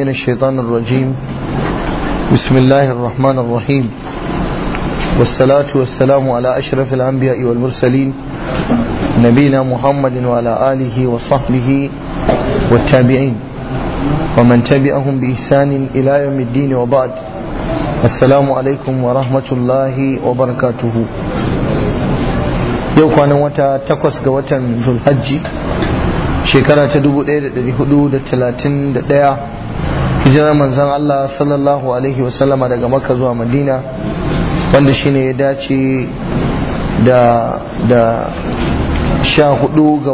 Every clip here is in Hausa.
من الشيطان الرجيم بسم الله الرحمن الرحيم والصلاة والسلام على أشرف الأنبياء والمرسلين نبينا محمد وعلى آله وصحبه والتابعين ومن تبعهم بإحسان إلى يوم الدين وبعد السلام عليكم ورحمة الله وبركاته yau kwanan wata takwas ga watan zulhajji shekara ta 1431 hijirar manzan Allah sallallahu alaihi wasallama daga maka zuwa madina wanda shine ya dace da da sha hudu ga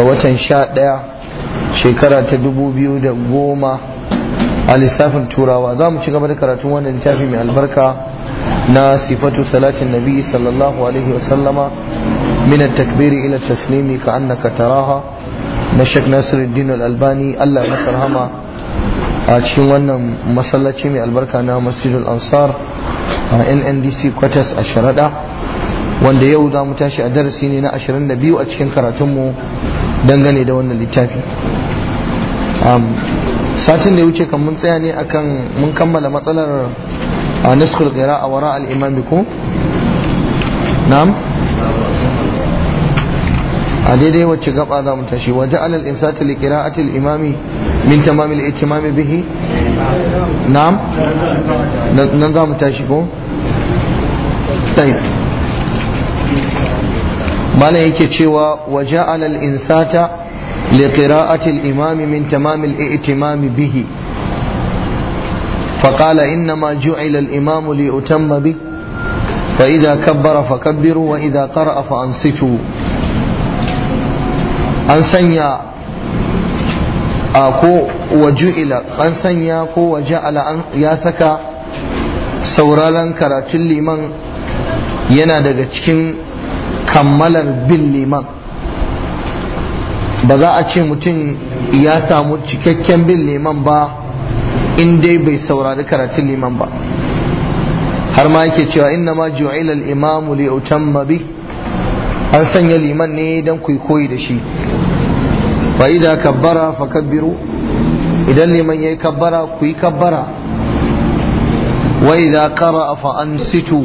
watan sha daya shekara ta dubu biyu da goma a lissafin turawa za mu ci gaba da karatun wannan littafi mai albarka na sifatu salatin nabi sallallahu alaihi wasallama takbiri ila taslimi ka annaka taraha na Sheikh Nasiruddin Al-Albani Allah ya masa rahama a cikin wannan masallaci mai albarka na Masjidul Ansar a NNDC Quarters a Sharada wanda yau za mu tashi a darasi ne na 22 a cikin karatunmu dangane da wannan littafi satin da ya wuce kan mun tsaya ne akan mun kammala matsalar a naskul qira'a wara al-imam ko na'am a daidai wacce gaba za mu tashi waje alal insati li qira'ati al imami min tamam al ihtimam bihi na'am nan za mu tashi ko tayyib mala yake cewa waje alal insata li qira'ati al imami min tamam al ihtimam bihi فقال إنما جعل الإمام ليؤتم به فإذا كبر فكبروا وإذا قرأ فأنصتوا an sanya a ko ila an sanya ko an ya saka sauraron karatun liman yana daga cikin kammalar bin liman ba za a ce mutum ya samu cikakken bin liman ba in dai bai saurari karatun liman ba har ma yake cewa inna ma ju'ila al-imamu li utamma an sanya liman ne dan kuyi koyi da shi fa idza kabbara fakabbiru idan liman yayi kabbara ku yi kabbara wa idza qara'a fa ansitu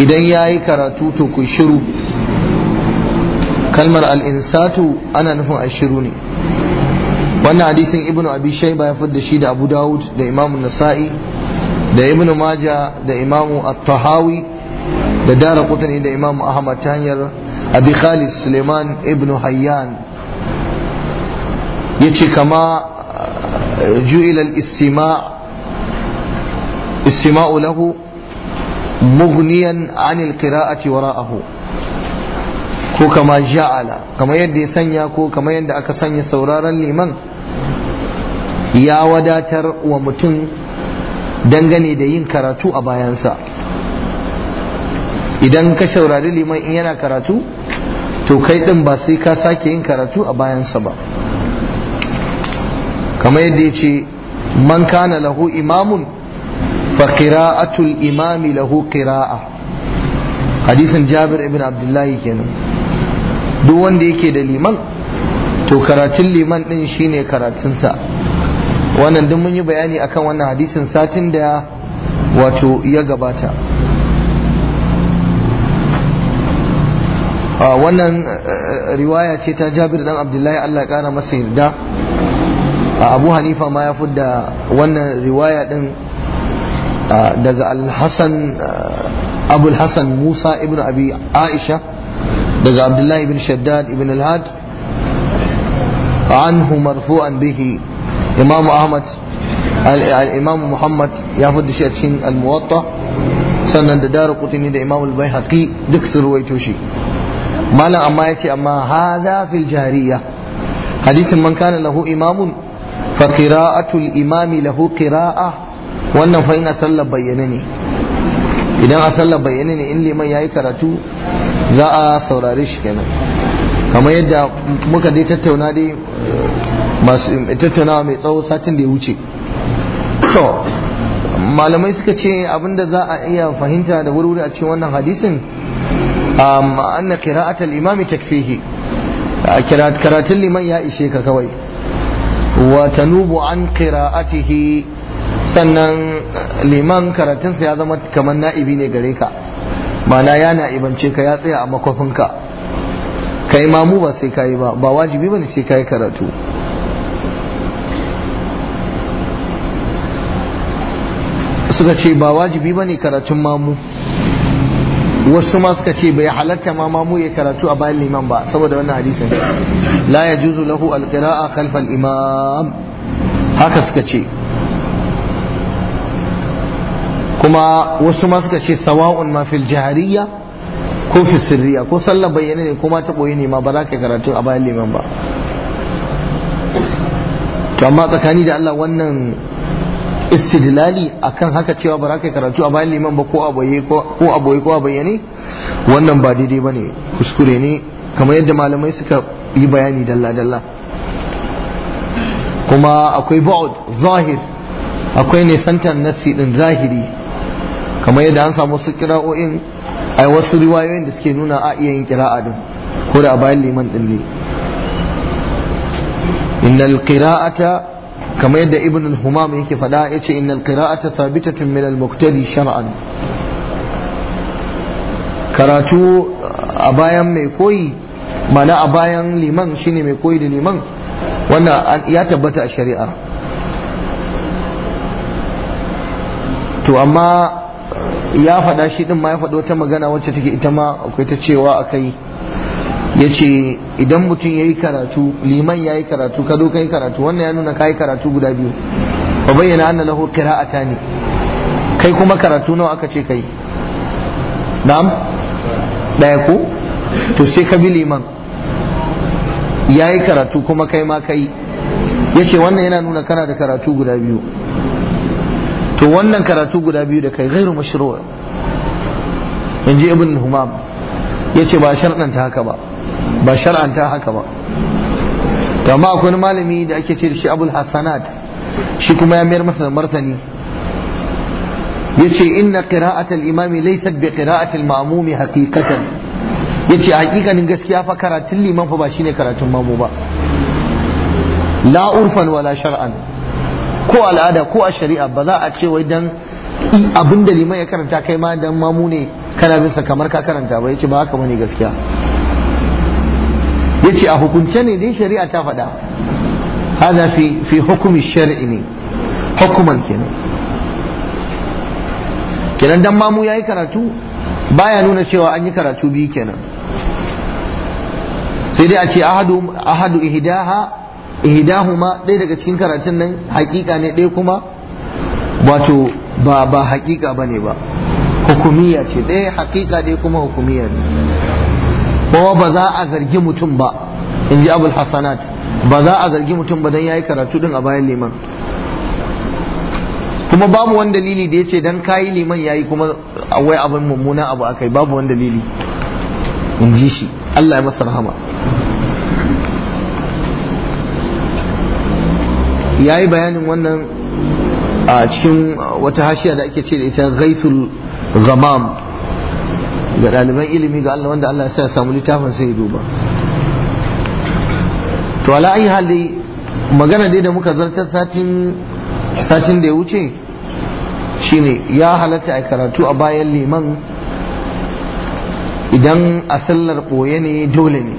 idan yayi karatu to ku shiru kalmar al-insatu ana nufin a shiru ne wannan hadisin ibnu abi shaiba ya fadda shi da abu dawud da imamu nasa'i da ibnu maja da imamu at-tahawi da dara qutni da imamu ahmad ta hanyar abi khalid suleiman ibnu hayyan yace kama eh, ju'ila al-istima' istima'u lahu mughniyan 'anil qira'ati wara'ahu ko kama ja'ala kama yadda ya sanya ko kama yadda aka sanya sauraron liman ya wadatar wa mutum dangane da yin karatu a bayansa idan ka saurari liman in yana karatu to kai din ba sai ka sake yin karatu a bayansa ba kamar yadda ya ce man kana lahu imamun fa qira'atul imami lahu qira'a hadisin jabir ibn abdullahi kenan duk wanda yake da liman to karatun liman din shine karatunsa wannan duk mun yi bayani akan wannan hadisin satin da wato ya gabata wannan eh, riwaya ce ta jabir dan abdullahi allah ya kara masa yarda abu hanifa ma ya fudda wannan riwaya din daga al abul musa ibn abi aisha daga abdullahi ibn shaddad ibn al-had anhu marfu'an bihi imamu ahmad al-imam muhammad ya fudda shi a cikin al-muwatta sannan da daru kutini da imam al-baihaqi duk sun ruwaito shi malam amma yace amma hadha fil jariya hadisin man kana lahu imamun fa qira'atul imami lahu qira'a wannan fa ina sallar bayyane ne idan a sallar bayyane ne in liman yayi karatu za a saurare shi kenan kamar yadda muka dai tattauna dai eh, masu eh, tattaunawa mai tsawo satin da ya wuce to malamai suka ce abinda za a iya fahimta da wuri a cikin wannan hadisin anna qira'atul imami takfihi karatun liman ya ishe ka kawai wa tanubu an qira'atihi sannan eh, liman karatunsa ya zama kamar na'ibi ne gare ka mana ya na'ibance ka ya tsaya a makwafinka ka mamu ba sai kayi ba ba wajibi ba ne sai kayi karatu suka ce ba wajibi ba ne karatun mamu wasu ma suka ce bai halatta ma mu ya karatu a bayan liman ba saboda wannan hadisin la juzu lahu alqira'a khalf al-imam haka suka ce kuma wasu ma suka ce sawa'un ma fil jahariya ko fi sirriya ko sallar bayyana ne ko ta boye ne ma ba za ka karatu a bayan liman ba to amma tsakani da Allah wannan istidlali akan haka cewa ba za ka karatu a bayan liman ba ko a boye ko a bayyane wannan ba daidai ba ne kuskure ne kamar yadda malamai suka yi bayani dalla-dalla kuma akwai ba'ud zahir akwai ne santan nasi din zahiri kamar yadda an samu su kira'o'in ai wasu riwayoyin da suke nuna a iya yin kira'a din ko da a bayan liman din ne inal qira'ata kamar yadda ibn al-humam yake faɗa yace innal qira'ata thabitatun min al-muqtadi shar'an karatu a bayan mai koyi mana a bayan liman shine mai koyi da liman wannan ya tabbata a shari'a to amma ya faɗa shi ɗin ma ya faɗo ta magana wacce take ita ma akwai ta cewa akai ya ce idan mutum ya yi karatu liman ya yi karatu ka zo ka yi karatu wannan ya nuna ka yi karatu guda biyu ba bayyana anna lahu qira'ata ne kai kuma karatu nawa aka ce kai na'am daya ko to sai ka bi liman ya yi karatu kuma kai ma kai ya ce wannan yana nuna kana da karatu guda biyu to wannan karatu guda biyu da kai gairu mashru'a in ji ibn humam ya ce ba sharɗanta haka ba ba shar'anta haka ba amma akwai wani malami da ake ce da shi abul hasanat shi kuma ya mayar masa martani yace inna qira'atul imami laysat bi qira'atil ma'mumi haqiqatan yace hakikanin gaskiya fa karatun liman fa ba shine karatun mamu ba la urfan wala shar'an ko al'ada ko a shari'a ba za a ce wai dan abinda liman ya karanta kai ma dan mamu ne kana bisa kamar ka karanta ba yace ba haka bane gaskiya yace a hukunce ne dai shari'a ta faɗa hada fi fi hukumi shar'i ne hukuman kenan kenan dan mamu yayi karatu baya nuna cewa an yi karatu bi kenan sai dai a ce ahadu ahadu ihdaha ihdahuma ɗaya daga cikin karatun nan hakika ne dai kuma wato ba ba hakika bane ba hukumiya ce ɗaya hakika dai kuma hukumiya ne kuma ba za a zargi mutum ba in ji abul hasanat ba za a zargi mutum ba don ya yi karatu din a bayan liman kuma babu wani dalili da ya ce don kayi liman ya yi kuma wai abin mummuna abu yi babu wani dalili in ji shi Allah ya masa rahama ya yi bayanin wannan a cikin wata hashiya da ake ce da ita gaitul ghamam ga ɗaliban ilimi ga Allah wanda Allah ya sa samu littafin sai ya duba to ala ayi hali magana dai da muka zartar satin da ya wuce shine ya halatta a karatu a bayan liman idan a sallar ɓoye ne dole ne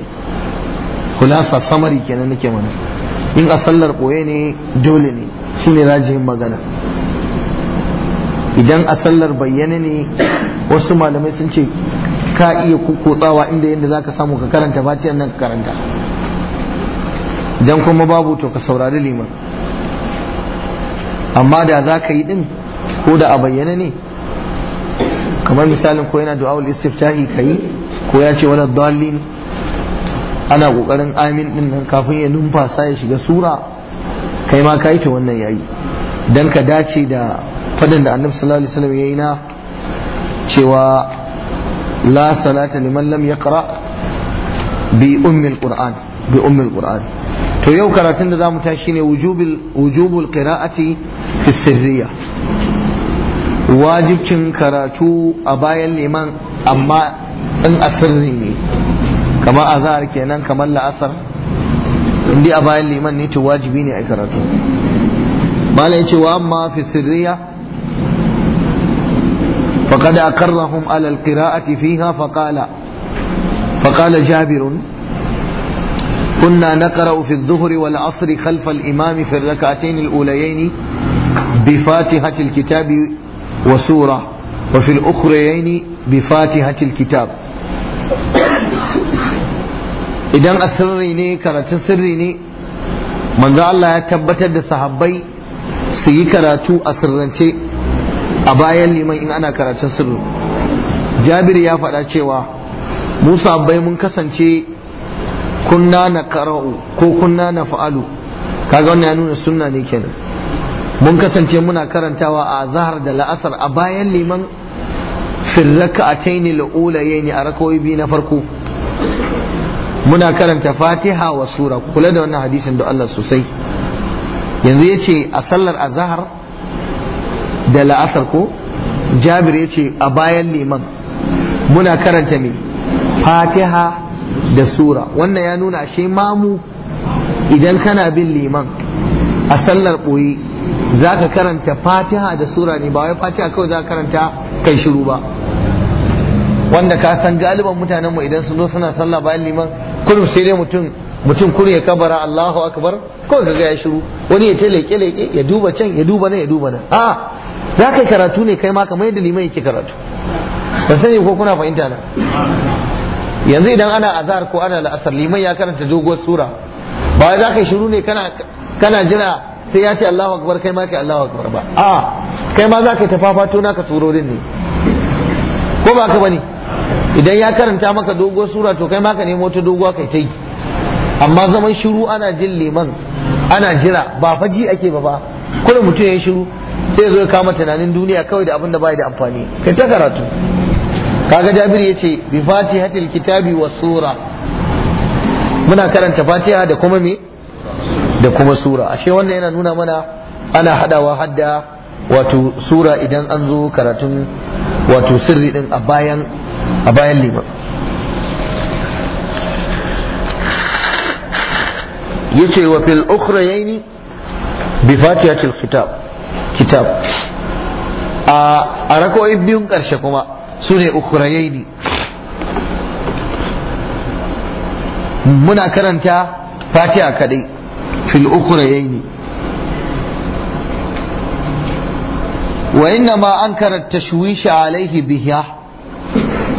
kulasa samari kenan nake mana in a sallar ɓoye ne dole ne shine rajihin magana idan a sallar bayyana ne wasu malamai sun ce ka iya kukutsawa inda yadda za ka samu ka karanta fatiyan nan ka karanta idan kuma babu to ka saurari liman amma da za ka yi din ko da a bayyana ne kamar misalin ko yana du'a'ul istiftahi ka yi ko ya ce wadda dalilin ana kokarin amin din nan kafin ya numfasa ya shiga sura kai ma ka yi ta wannan yayi don ka dace da fadin da annabi sallallahu alaihi wasallam yayi na cewa la salata liman lam yaqra bi ummil qur'an bi ummil qur'an to yau karatun da zamu tashi ne wujubil wujubul qira'ati fi sirriya wajibcin karatu a bayan liman amma in asirri ne kamar azhar kenan kamar la'asar Indi a bayan liman ne to wajibi ne a karatu malai ce wa amma fi sirriya فقد أقرهم على القراءة فيها فقال فقال جابر كنا نقرأ في الظهر والعصر خلف الإمام في الركعتين الأوليين بفاتحة الكتاب وسورة وفي الأخريين بفاتحة الكتاب idan a sirri ne karatun sirri ne manzo Allah ya tabbatar da sahabbai su yi karatu a sirrance a bayan liman in ana karatun sirri jabir ya faɗa cewa musa bai mun kasance kunna na kara'u ko kunna na fa'alu kaga wannan ya nuna sunna ne kenan mun kasance muna karantawa a zahar da la'asar a bayan liman firraka a taini la'ulaye ne a rakawai biyu na farko muna karanta fatiha wa sura kula da wannan hadisin da Allah sosai yanzu ya ce a sallar azahar da la'asar ko jabir ya ce a bayan liman muna karanta mai fatiha da sura wannan ya nuna ashe mamu idan kana bin liman a sallar ɓoye za ka karanta fatiha da sura ne ba wai fatiha kawai za ka karanta kai shiru ba wanda ka san galiban mutanen mu idan sun zo suna sallah bayan liman kullum sai dai mutum mutum kun ya kabara Allahu akbar kawai kaga ya shiru wani ya ta leke leke ya duba can ya duba nan ya duba nan a za ka yi karatu ne kai ma kamar yadda liman yake karatu ba sani ko kuna fahimta na yanzu idan ana azhar ko ana la'asar liman ya karanta doguwar sura ba za ka yi shiru ne kana jira sai ya ce Allahu akbar kai ma kai Allahu akbar ba a kai ma za ka yi tafafato naka surorin ne ko ba ka bane idan ya karanta maka doguwar sura to kai ma ka nemo ta doguwa kai ta yi amma zaman shiru ana jin liman ana jira ba faji ake ba ba kullum mutum ya yi shiru sai zo ya kama tunanin duniya kawai da abin da bai da amfani kai ta karatu kaga jabir ce, bi fatihatil kitabi wa sura muna karanta fatiha da kuma me da kuma sura ashe wannan yana nuna mana ana hadawa hadda wato sura idan an zo karatun wato sirri din a bayan a bayan liman yace wa fil ukhrayaini bi fatihatil kitab kitab a rako'i biyun ƙarshe kuma su ne ukurayai muna karanta fatiha kaɗai fil ukurayai ne wa inna ma an karanta shuwishi alaihi biya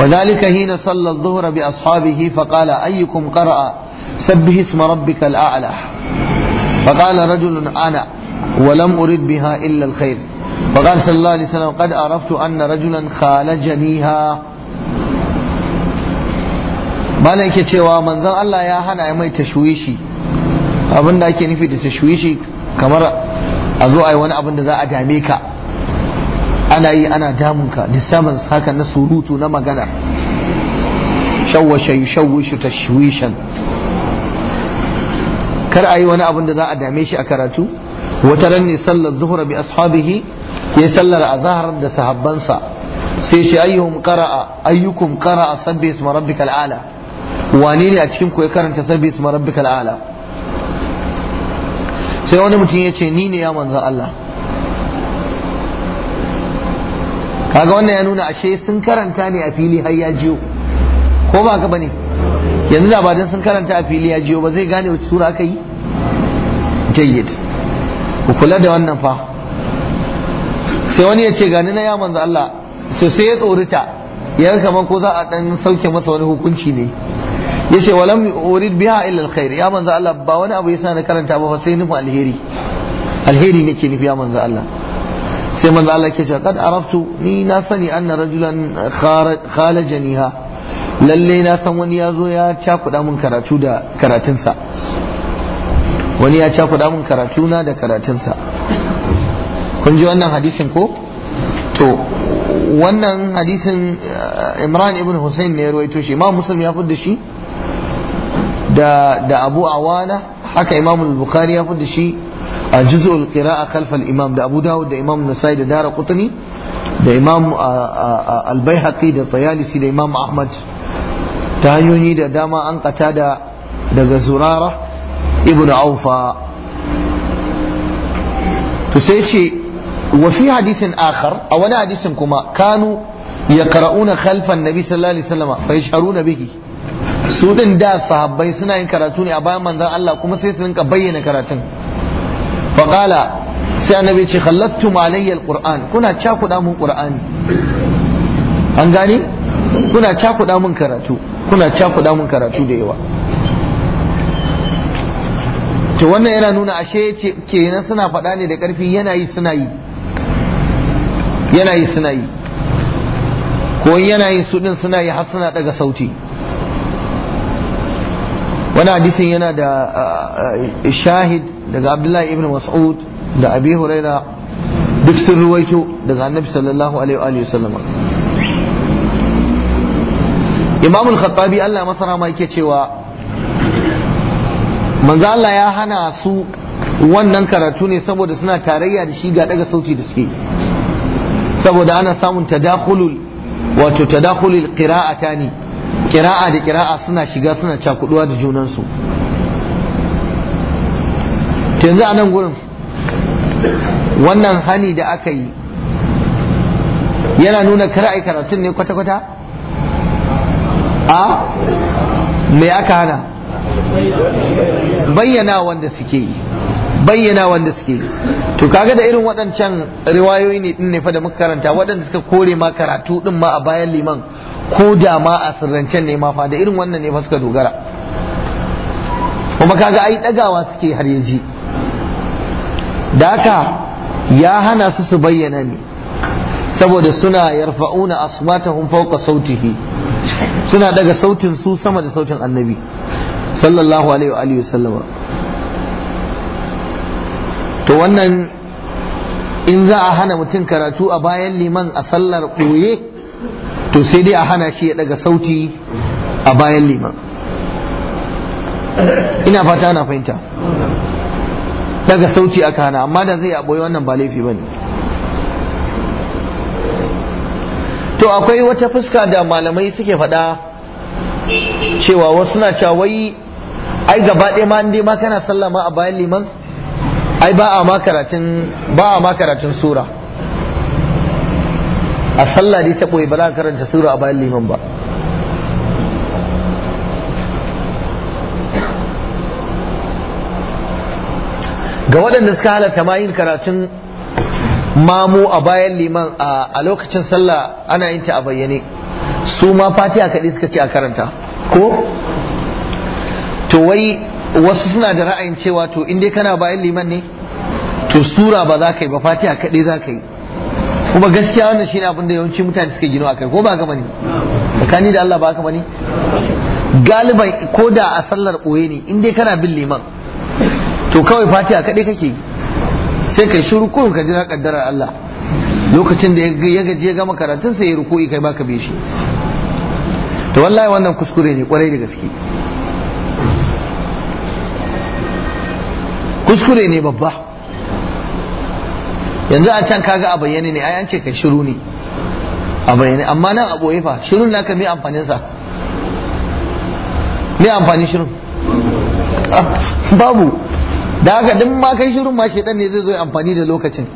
وذلك حين صلى الظهر بأصحابه فقال أيكم قرأ سبه اسم ربك الأعلى فقال رجل أنا ولم أرد بها إلا الخير فقال صلى الله عليه وسلم قد عرفت أن رجلا خالجنيها mana yake cewa manzon Allah ya hana ya mai tashwishi abin da ake nufi da tashwishi kamar a zo a yi wani abin da za a dame ka ana yi ana damun ka disturbance haka na surutu na magana shawwasha yushawwishu tashwishan kar a yi wani abin da za a dame shi a karatu wata ran ne sallar zuhura bi ashabihi ya sallar a zaharar da sahabbansa sai shi kara qara'a ayyukum qara'a sabbi isma rabbikal ala wane ne a cikin ku ya karanta sabbi isma rabbikal ala sai wani mutum ya ce ni ne ya manzan Allah kaga wannan ya nuna ashe sun karanta ne a fili har ya jiyo ko ba ka bane yanzu da ba sun karanta a fili ya jiyo ba zai gane wace sura aka yi jayyid ku kula da wannan fa sai wani ya ce gani na ya manzo Allah sai sai ya tsorita ya kamar ko za a dan sauke masa wani hukunci ne ya ce walam urid biha illa alkhair ya manzo Allah ba wani abu yasa na karanta ba sai nufi alheri alheri ke nufi ya manzo Allah sai manzo Allah ke cewa kad araftu ni na sani anna rajulan khalajaniha lalle na san wani ya zo ya cakuda min karatu da karatunsa wani ya cakuɗa mun karatuna da karatunsa kun ji wannan hadisin ko to wannan hadisin eh, imran ibn hussein ne ya ruwaito shi imam muslim ya fudda shi da da abu awana haka imam bukhari ya fudda shi a juz'ul qira'a kalfal imam da abu dawud da imam nasai da dara qutni da imam al-baihaqi da tayalisi da imam ahmad ta hanyoyi da dama an kata da daga zurara ibn aufa to sai ce wa fi hadisin akhar a wani hadisin kuma kanu ya yaqra'una khalfan nabi sallallahu alaihi wasallam fa yasharuna bihi su din da sahabbai suna yin karatu ne a bayan manzon Allah kuma sai su rinka bayyana karatun fa qala sai annabi ce khallattum alayya alquran kuna cakuda mun qur'ani an gane kuna cakuda mun karatu kuna cakuda mun karatu da yawa to wannan yana nuna ashe ce kenan suna faɗa ne da ƙarfi yana suna yi yana suna yi ko yana su ɗin suna yi har suna daga sauti wani hadisin yana da shahid daga abdullahi ibn mas'ud da abi huraira duk sun ruwaito daga annabi sallallahu alaihi wa sallam imam al-khattabi Allah masara ma yake cewa manzo Allah ya hana su wannan karatu ne saboda suna tarayya da shi ga daga sauti da suke saboda ana samun tadakhulul wato tadakhulul qira'atani qira'a da qira'a suna shiga suna cakuduwa da junansu to yanzu a nan gurin wannan hani da aka yi yana nuna kar karatun ne kwata-kwata a me aka hana bayyana wanda suke yi bayyana wanda suke yi to kaga da irin waɗancan riwayoyi ne din ne fa da muka karanta waɗanda suka kore ma karatu din ma a bayan liman ko da ma a sirrancen ne ma fa da irin wannan ne fa suka dogara kuma kaga ai ɗagawa suke har yaji. da haka ya hana su su bayyana ne saboda suna yarfa'una asmatahum fawqa sautihi suna daga sautin su sama da sautin annabi sallallahu alaihi wa alihi sallama to wannan in za a hana mutum karatu a bayan liman a sallar ɓoye to sai dai a hana shi ya daga sauti a bayan liman ina fata ana fahimta daga sauti aka hana amma da zai ɓoye wannan ba laifi bane to akwai wata fuska da malamai suke faɗa cewa wasu na cewa wai ai gaba ɗaya ma dai ma kana sallah ma a bayan liman ai ba a ma karatun ba a makaracin sura a sallah dai ta ɓoye ba za ka karanta sura a bayan liman ba ga waɗanda suka halatta ma yin karatun mamu a bayan liman a lokacin sallah ana yin ta a bayyane su ma fatiha kaɗai suka ce a karanta ko to wai wasu suna da ra'ayin cewa to in dai kana bayan liman ne to sura ba za ka yi ba fatiha kaɗai za ka yi kuma gaskiya wannan shine abin da yawanci mutane suke gino akai ko ba ka bane tsakani da Allah ba ka bane galiban ko da a sallar ɓoye ne in dai kana bin liman to kawai fatiha kaɗai kake sai kai shiru ko ka jira kaddarar Allah lokacin da ya gaji ya gama karatun sai ya ruku'i kai baka bi shi to wallahi wannan kuskure ne kwarai da gaske kuskure ne babba yanzu a can kaga a bayyane ne ayan ce kai shiru ne a bayyane amma nan a boye fa shirun naka mai amfanin sa mai amfanin shirun ah, babu da haka din ma kai shirun ma shedan ne zai zo amfani da lokacin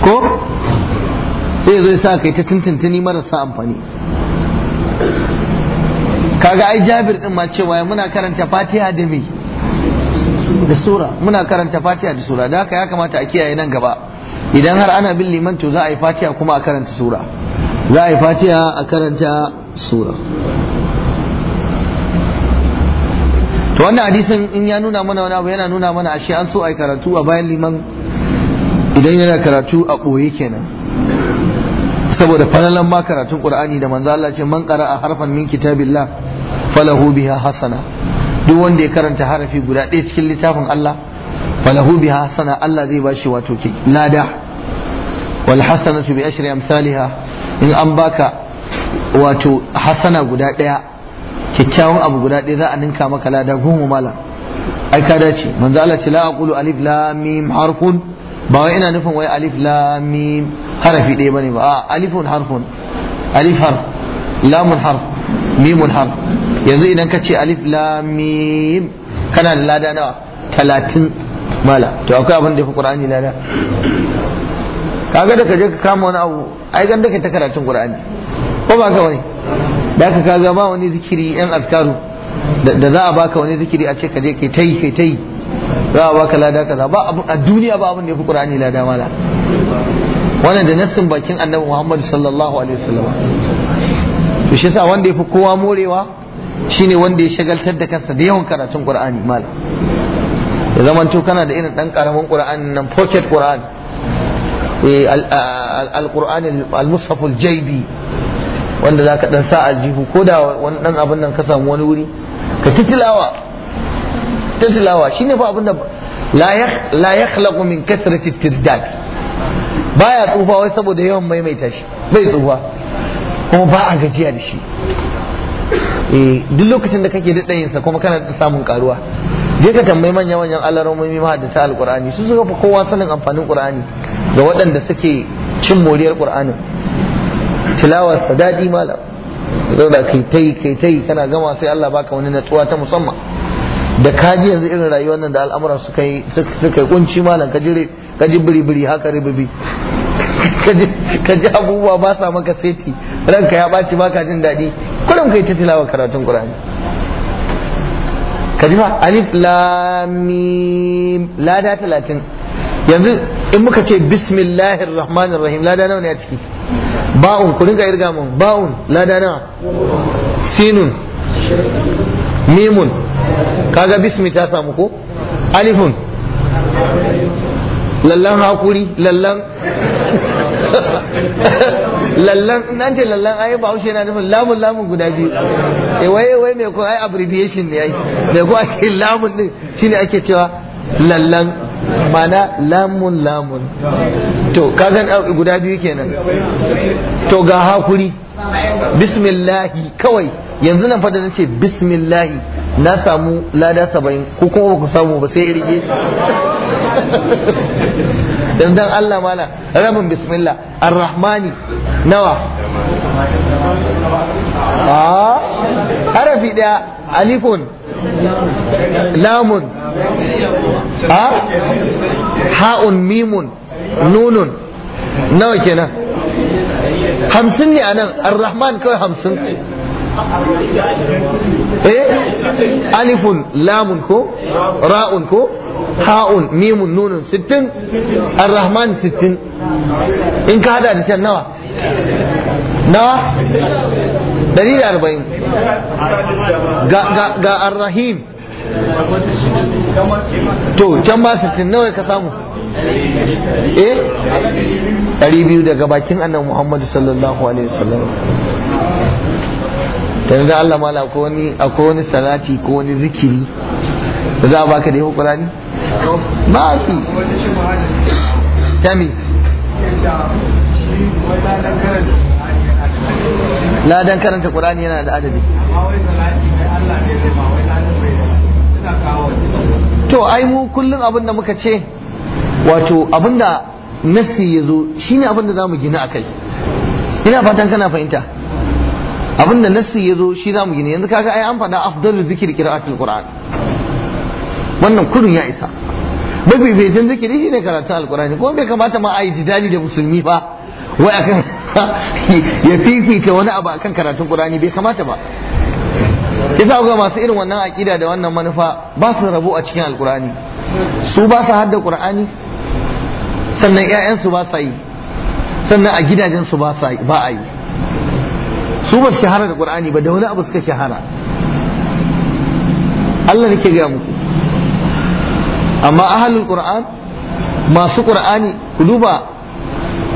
ko sai zai sa kai ta tuntuntuni marasa amfani kaga ai jabir din ma cewa muna karanta fatiha da mai da sura muna karanta fatiha da sura da haka ya kamata a kiyaye nan gaba idan har ana bin liman to za a yi fatiha kuma a karanta sura za a yi fatiha a karanta sura to wannan hadisin in ya nuna mana wani abu yana nuna mana ashe an so a yi karatu a bayan liman idan yana karatu a ɓoye kenan saboda falalan ma karatun qur'ani da manzo Allah ce man qara'a harfan min kitabillah falahu biha hasana duk wanda ya karanta harafi guda ɗaya cikin littafin Allah falahu biha hasana Allah zai bashi wato lada wal hasanatu bi ashri amsalha in an baka wato hasana guda ɗaya kyakkyawan abu guda ɗaya za a ninka maka lada goma mala. ai ka dace manzo Allah ce la aqulu alif lam mim harfun ba wai ina nufin wai alif lam mim harafi ɗaya bane ba a alifun harfun alif harf lamun harf mimun harf yanzu idan ka ce alif lamim kana da lada nawa talatin mala to akwai abin da ya fi ƙura'ani lada kaga da ka je ka kama wani abu ai gan da ka ta karatun qur'ani ko ba ka wani da ka kaga ba wani zikiri yan azkaru da za a baka wani zikiri a ce ka je kai yi kai yi. za a baka lada kaza ba a duniya ba abin da ya fi qur'ani lada mala wannan da nassin bakin annabi Muhammad sallallahu alaihi wasallam to shi yasa wanda ya fi kowa morewa shine wanda ya shagaltar da kansa da yawan karatun qur'ani malam ya zaman to kana da irin dan karamin qur'ani nan pocket qur'ani eh al-qur'an al-mushaf al-jaybi wanda zaka dan sa jihu. ko da wani dan abin nan ka samu wani wuri ka titilawa titilawa shine fa abin da la yakh la yakhlaqu min kathrati tirdad baya tsufa wai saboda yawan maimaita shi bai tsufa kuma ba a gajiya da shi Eh, duk lokacin da kake da sa kuma kana da samun karuwa je ka tambayi manya manyan da ta alqur'ani su suka fa kowa sanin amfanin qur'ani ga waɗanda suke cin moriyar qur'anin tilawa sadadi daɗi malam da kai tai kai tai kana gama sai Allah baka wani natsuwa ta musamman da kaji yanzu irin rayuwar nan da al'amuran suka yi kunci malam ka ji biri biri haka ribibi ka ji abubuwa ba sa maka seti ranka ya ɓaci ba ka jin daɗi kullum kai ta tilawa karatun ƙur'ani ka ji fa alif lamim lada talatin yanzu in muka ce bismillahir rahmanir rahim lada nawa ne a ciki ba'un ku dinga irga mun ba'un lada nawa sinun mimun kaga bismi ta samu ko alifun lallan hakuri lallan lallan in an ce lallan ai bahaushe yana nufin lamun lamun guda biyu E wai wai me ko ai abbreviation ne ai me ko ake lamun din shine ake cewa lallan mana lamun lamun to kagan guda biyu kenan to ga hakuri bismillahi kawai yanzu nan da nace bismillah na samu lada saba'in ko kuma ba ku samu ba sai rige dan dan Allah mala rabin bismillah arrahmani nawa a ah, harafi daya alifun lamun a ah, ha'un mimun nunun nawa kenan hamsin ne anan arrahman kawai hamsin ايه eh? alifun lamun ko ra'un ko ha'un mimun نون sittin الرحمن sittin in ka hada da can nawa nawa dari da arba'in ga to can ba sittin nawa ka samu eh ɗari biyu daga bakin annabi muhammadu sallallahu alaihi wasallam yanzu Allah mala akwai wani salati ko wani zikiri da za a baka da hukurani ƙurani ba fi tami ladan karanta kurani yana da adabi to ai mu kullum abin da muka ce wato abin da nasi ya zo shine abin da za mu gina a kai ina fatan kana fahimta abin da nassi ya zo shi za mu gini yanzu kaga ai an faɗa afdalu zikiri qira'atul qur'an wannan kurin ya isa mafificin zikiri shi ne karatun alkurani kuma bai kamata ma a jidali da musulmi ba wai akan ya fifita wani abu akan karatun qur'ani bai kamata ba yasa ga masu irin wannan aƙida da wannan manufa ba su rabu a cikin alkurani su ba su hadda qur'ani sannan 'ya'yansu ba sa yi sannan a gidajensu ba a yi su ba shahara da qur'ani ba da wani abu suka shahara Allah ke ga muku amma ahlul qur'an masu qur'ani ku duba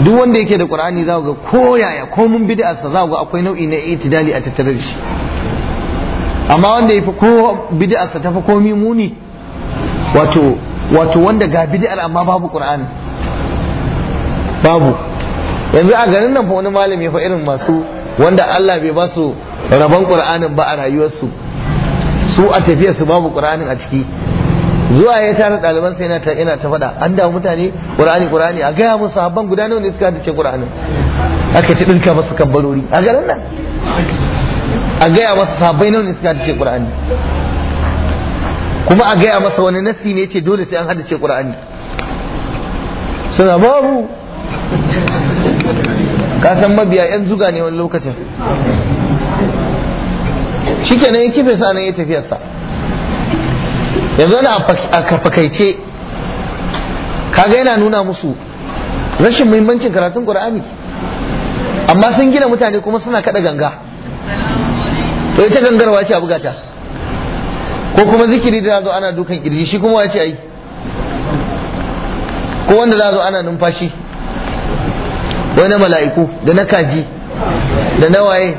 duk wanda yake da qur'ani za ku ga ko yaya ko mun bid'a sa za ku ga akwai nau'i na itidali a tattare da shi amma wanda yafi ko bid'a sa tafi komi muni wato wato wanda ga bid'ar amma babu qur'ani babu yanzu a garin nan fa wani malami fa irin masu wanda Allah bai ba su rabon Qur'anin ba a rayuwarsu su a tafiyar su babu Qur'anin a ciki zuwa ya tara ɗaliban sai ta ina ta faɗa an dawo mutane Qur'ani Qur'ani a gaya musu habban guda nawa ne suka dace Qur'anin aka ci dinka masu kabbarori a garin nan a gaya masa sabai nawa ne suka dace Qur'ani kuma a gaya masa wani nasi ne ce dole sai an haddace Qur'ani suna babu Kasan mabiya yan zuga ne wani lokacin shi nan ya kife sa nan ya tafiyarsa yanzu ana a kafakaice kaga yana nuna musu rashin muhimmancin karatun qur'ani amma sun gina mutane kuma suna kada ganga to ita gangarwa ce a bugata ko kuma zikiri da zo ana dukan kirji shi kuma wace ayi ko wanda za zo ana numfashi wai na mala'iku da na kaji da na waye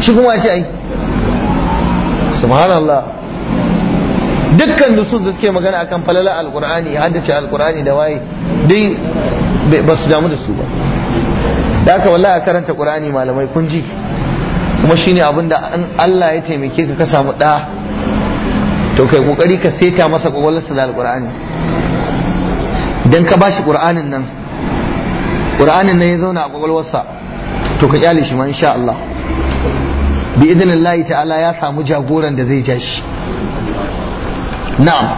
shi kuma ce ai subhanallah dukkan nusus da suke magana akan falala alqur'ani haddace alqur'ani da waye dai ba su damu da su ba da aka wallahi a karanta qur'ani malamai kun ji kuma shine abin da Allah ya taimake ka ka samu da to kai kokari ka saita masa kwallarsa da alqur'ani dan ka bashi qur'anin nan ƙur'anin na ya zauna a kwakwalwarsa to ka ƙyale shi ma insha Allah bi idnillahi ta'ala ya samu jagoran da zai ja shi na'am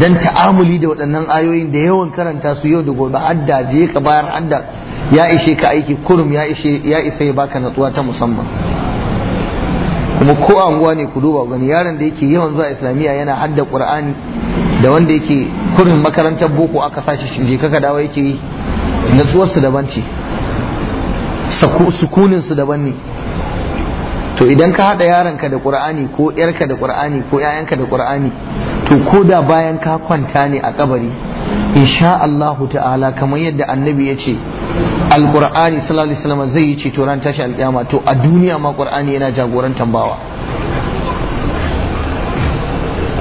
dan ta'amuli da waɗannan ayoyin da yawan karanta su yau da gobe adda je ka bayar adda ya ishe ka aiki kurum ya isa ya baka natsuwa ta musamman kuma ko anguwa ne ku duba gani yaron da yake yawan zuwa islamiyya yana hadda qur'ani da wanda yake kurin makarantar boko aka sashi je ka dawo yake yi natsuwarsu daban ce sukuninsu daban ne to idan ka haɗa yaronka da ƙur'ani ko ƴarka da ƙur'ani ko ƴaƴanka da ƙur'ani to ko da bayan ka kwanta ne a kabari insha Allah ta'ala kamar yadda annabi ya ce alƙur'ani sallallahu alaihi wasallam zai yi ceto ran tashi alƙiyama to a duniya ma ƙur'ani yana jagorantar bawa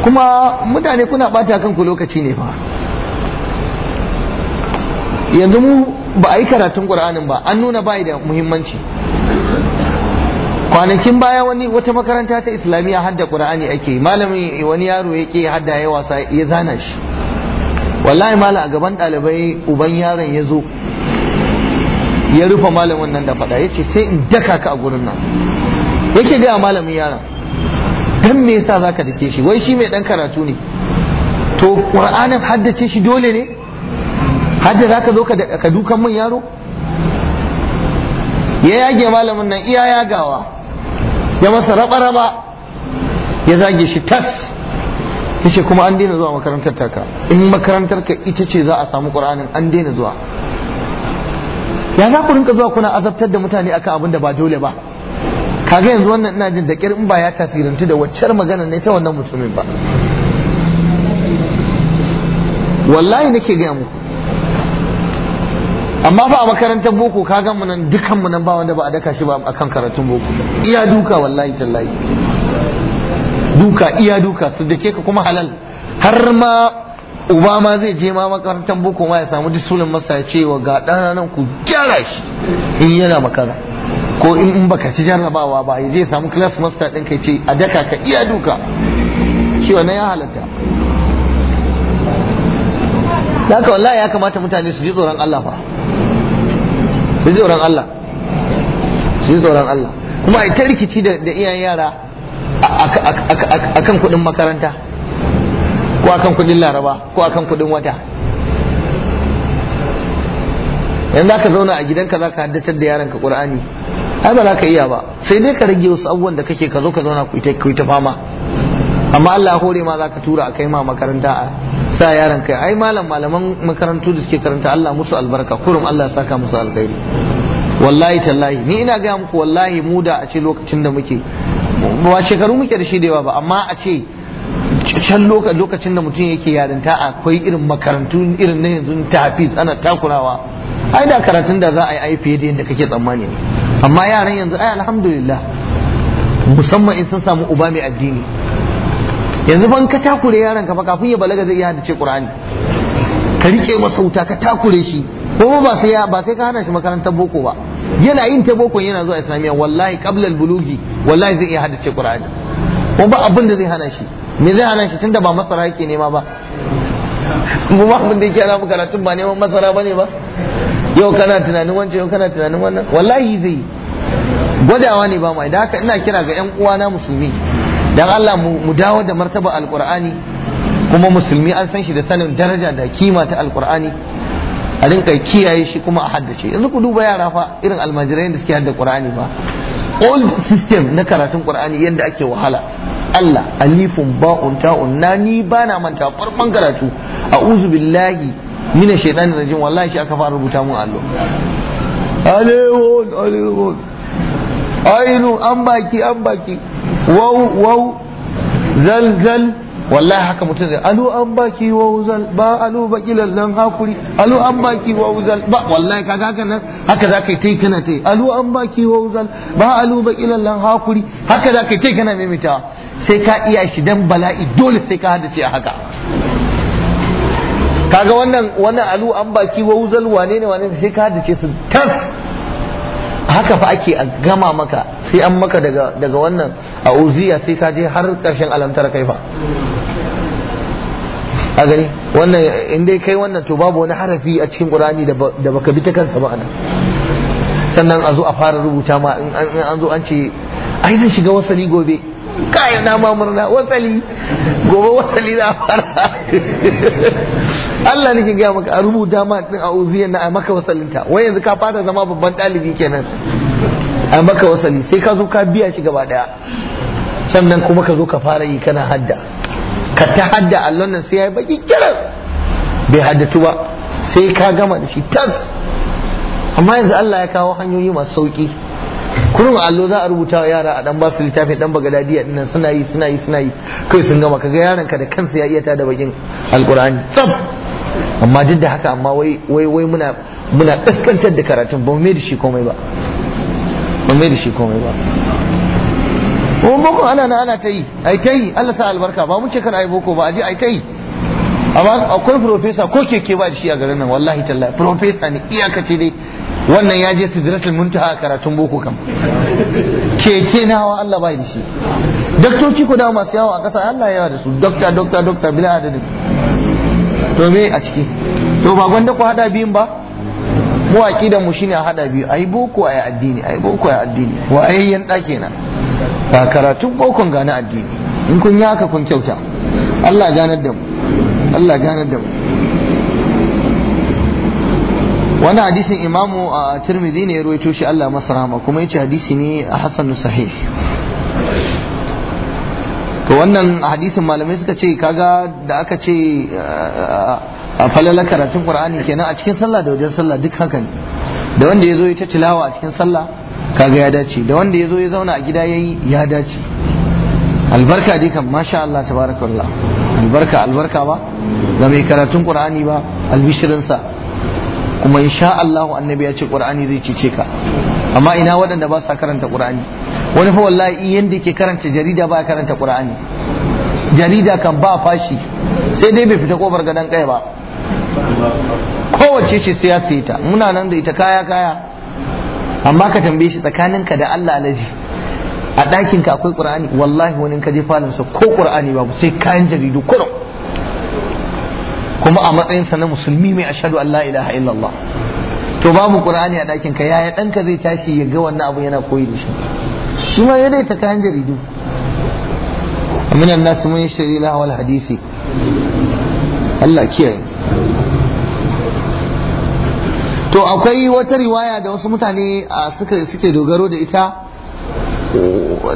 kuma mutane kuna ɓata kanku lokaci ne fa yanzu mu ba a yi karatun ƙur'anin ba an nuna bai da muhimmanci kwanakin baya wani wata makaranta ta islamiyya hadda qur'ani ake malami wani yaro yake hadda ya wasa ya zana shi wallahi mala a gaban ɗalibai uban yaron ya zo ya rufe malamin nan da faɗa ya ce sai in daka ka a gurin nan yake gaya malamin yaron dan me yasa zaka dake shi wai shi mai ɗan karatu ne to ƙur'anin haddace shi dole ne har za ka zo ka dukan mun yaro ya yage malamin nan iya yagawa ya masa raba-raba ya zage shi tas ce kuma an daina zuwa makarantar taka in makarantar ka ita ce za a samu qur'anin an daina zuwa ya za ku rinka zuwa kuna azabtar da mutane akan abin da ba dole ba kaga yanzu wannan ina jin da kyar in ba ya tasirantu da waccar magana ne ta wannan mutumin ba wallahi nake gaya muku amma fa a makarantar boko ka gan mu nan dukan mu nan ba wanda ba a daka shi ba akan karatun boko iya duka wallahi tallahi duka iya duka su dake ka kuma halal har ma uba ma zai je ma makarantar boko ma ya samu disulin masa ya ce wa ga ɗana nan ku gyara shi in yana makara ko in baka ci jarrabawa ba ya je samu class master ɗin kai ce a daka ka iya duka shi wannan ya halatta haka wallahi ya kamata mutane su ji tsoron Allah fa sai tsoron Allah sai tsoron Allah kuma a ta rikici da iyayen yara a kan kuɗin makaranta ko a kan kuɗin laraba ko a kan kuɗin wata za aka zauna a gidanka za ka haddatar da yaranka ƙur'ani ai ba za ka iya ba sai dai ka rage wasu abubuwan da kake ka zo ka zauna ku ta fama amma Allah hore ma za ka tura a kai ma makaranta sa yaron kai ai malam malaman makarantu da suke karanta Allah musu albarka kurum Allah ya saka musu alkhairi wallahi tallahi ni ina ga muku wallahi mu da a ce lokacin da muke ba shekaru muke da shi da yawa ba amma a ce can lokacin da mutum yake yarinta akwai irin makarantu irin na yanzu tafiz ana takurawa ai da karatun da za a yi ai fiye da yadda kake tsammani amma yaran yanzu ai alhamdulillah musamman in sun samu uba mai addini yanzu ban ka takure yaron ka fa kafin ya balaga zai iya haddace Qur'ani ka rike masa wuta ka takure shi ko ba sai ba sai ka hana shi makarantar boko ba yana yin ta boko yana zuwa islamiyya wallahi qabla al-bulughi wallahi zai iya haddace Qur'ani ko ba abin da zai hana shi me zai hana shi tunda ba masara yake nema ba mu ba abin da yake ana mu karatun ba neman masara bane ba yau kana tunanin wancan yau kana tunanin wannan wallahi zai gwadawa ne ba mai da haka ina kira ga yan uwana musulmi dan Allah mu dawo da martaba alqur'ani kuma musulmi an san shi da sanin daraja da kima ta alqur'ani a rinka kiyaye shi kuma a haddace yanzu ku duba yara fa irin almajirai da suke hadda qur'ani ba old system na karatun qur'ani yanda ake wahala Allah alifun ba'un ta'un na ni ba manta farkon karatu a'udhu billahi minash shaitanir rajim wallahi shi aka fara rubuta mun allo alehun alehun Ainu an baki an baki wau wau zal zal wallahi haka mutum zai alu an baki wau zal ba alu baki lallan hakuri alu an baki wau zal ba wallahi kaga haka nan haka za yi tai kana tai alu an baki wau zal ba alu baki lallan hakuri haka za yi tai kana mimita sai ka iya shi dan bala'i dole sai ka hadace a haka kaga wannan wannan alu an baki wau zal wane ne wane sai ka hadace su tas haka fa ake a gama maka sai an maka daga wannan a uziya sai ka je har karshen alamtar kai fa a gani wannan in kai wannan to babu wani harafi a cikin qur'ani da baka bi ta kansa ba ana sannan a zo a fara rubuta ma in an zo an ce ai zan shiga wasali gobe kai na ma murna wasali gobe wasali na fara Allah nake gaya maka a rubuta ma din a uziyar na a maka wasalinta wai yanzu ka fata zama babban ɗalibi kenan a maka wasali sai ka zo ka biya shi gaba daya sannan kuma ka zo ka fara yi kana hadda ka ta hadda allon nan sai ya yi baki kiran bai haddatu ba sai ka gama da shi tas amma yanzu Allah ya kawo hanyoyi masu sauki kurum allo za a rubuta wa yara a dan ba su littafin dan a dinnan suna yi suna yi suna yi kai sun gama kaga yaran ka da kansa ya iya ta da bakin alqur'ani tsaf amma duk da haka amma wai wai wai muna muna kaskantar da karatun ba mu mai da shi komai ba ba mai da shi komai ba ko boko ana na ana ta yi ai ta yi Allah sa albarka ba mu ce kar ai boko ba aje ai ta yi amma akwai professor ko keke ba da shi a garin nan wallahi tallahi professor ne iyakace dai wannan ya je sidratul muntaha karatun boko kam keke na hawa Allah bai da shi daktoci ko da masu yawa a ƙasa Allah yawa da su dokta dokta dokta bila adadin to me a ciki to ba gwanda ku hada biyun ba mu aqidan mu shine a hada biyu ai boko ai addini ai boko ai addini wa ai yan dake na ba karatun bokon gane addini in kun yi haka kun kyauta Allah ganar da mu Allah ganar da mu wannan hadisin imamu a tirmidhi ne ya ruwaito shi Allah masa rahama kuma yace hadisi ne a hasan sahih to wannan hadisin malamai suka ce kaga da aka ce a falala karatun qur'ani kenan a cikin sallah da wajen sallah duk hakan da wanda ya zo ya ta tilawa a cikin sallah kaga ya dace da wanda ya zo ya zauna a gida yayi ya dace albarka dai kan masha Allah tabarakallah albarka albarka ba ga mai karatun qur'ani ba albishirinsa kuma insha Allah annabi ya ce Qur'ani zai cece ka amma ina waɗanda ba sa karanta Qur'ani wani fa wallahi in yanda yake karanta jarida ba karanta Qur'ani jarida kan ba fashi sai dai bai fita kofar gadan kai ba kowace ce sai ya ta muna nan da ita kaya kaya amma ka tambaye shi tsakaninka da Allah alaji a ɗakinka akwai Qur'ani wallahi wani ka je sa ko Qur'ani babu sai kayan jaridu kurum kuma a matsayin sa na musulmi mai ashadu Allah ilaha illallah to babu qur'ani a ɗakin ka yaya ɗanka zai tashi ya ga wannan abu yana koyi da shi shi ma yana ta kayan jaridu minan nasu mun shiri lahawal hadisi Allah kiyaye to akwai wata riwaya da wasu mutane suke dogaro da ita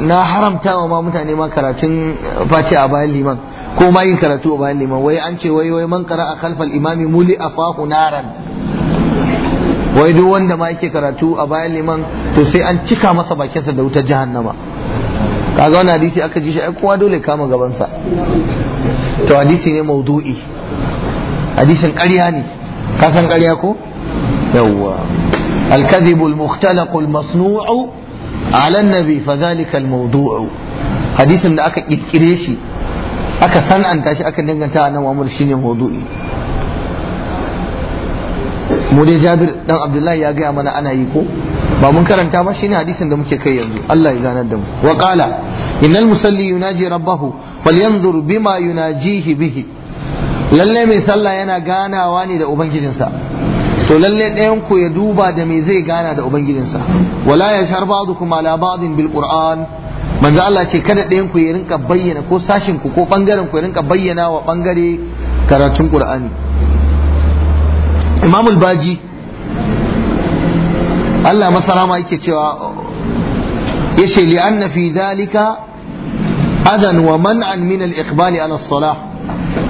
na haramta wa ma mutane ma karatun fati a bayan liman ko ma yin karatu a bayan liman wai an ce wai wai man a kalfar imami muli a fahu naran wai duk wanda ma yake karatu a bayan liman to sai an cika masa bakinsa da wutar jahannama kaga wannan hadisi aka ji shi ai kowa dole kama gabansa to hadisi ne maudu'i hadisin ƙarya ne ka san ƙarya ko yawwa الكذب المختلق المصنوع على النبي فذلك الموضوع hadisin da aka kirkire shi aka san'anta tashi aka danganta a nan Muhammad shine ne mu dai Jabir dan Abdullahi ya gaya mana ana yi ko ba mun karanta ba shine hadisin da muke kai yanzu Allah ya ganar da mu wa qala innal musalli yunaji rabbahu falyanzur bima yunajihi bihi lalle mai sallah yana ganawa ne da ubangijinsa to lalle ɗayan ku ya duba da me zai gana da ubangijinsa wala ya yashar ba'dukum ala ba'din bil qur'an manzo Allah ce kada ɗayan ku ya rinka bayyana ko sashin ku ko bangaren ku ya rinka bayyana wa bangare karatun Qur'ani imamul baji Allah masarama yake cewa yace li anna fi dhalika adan wa man'an min al-iqbal ala as-salah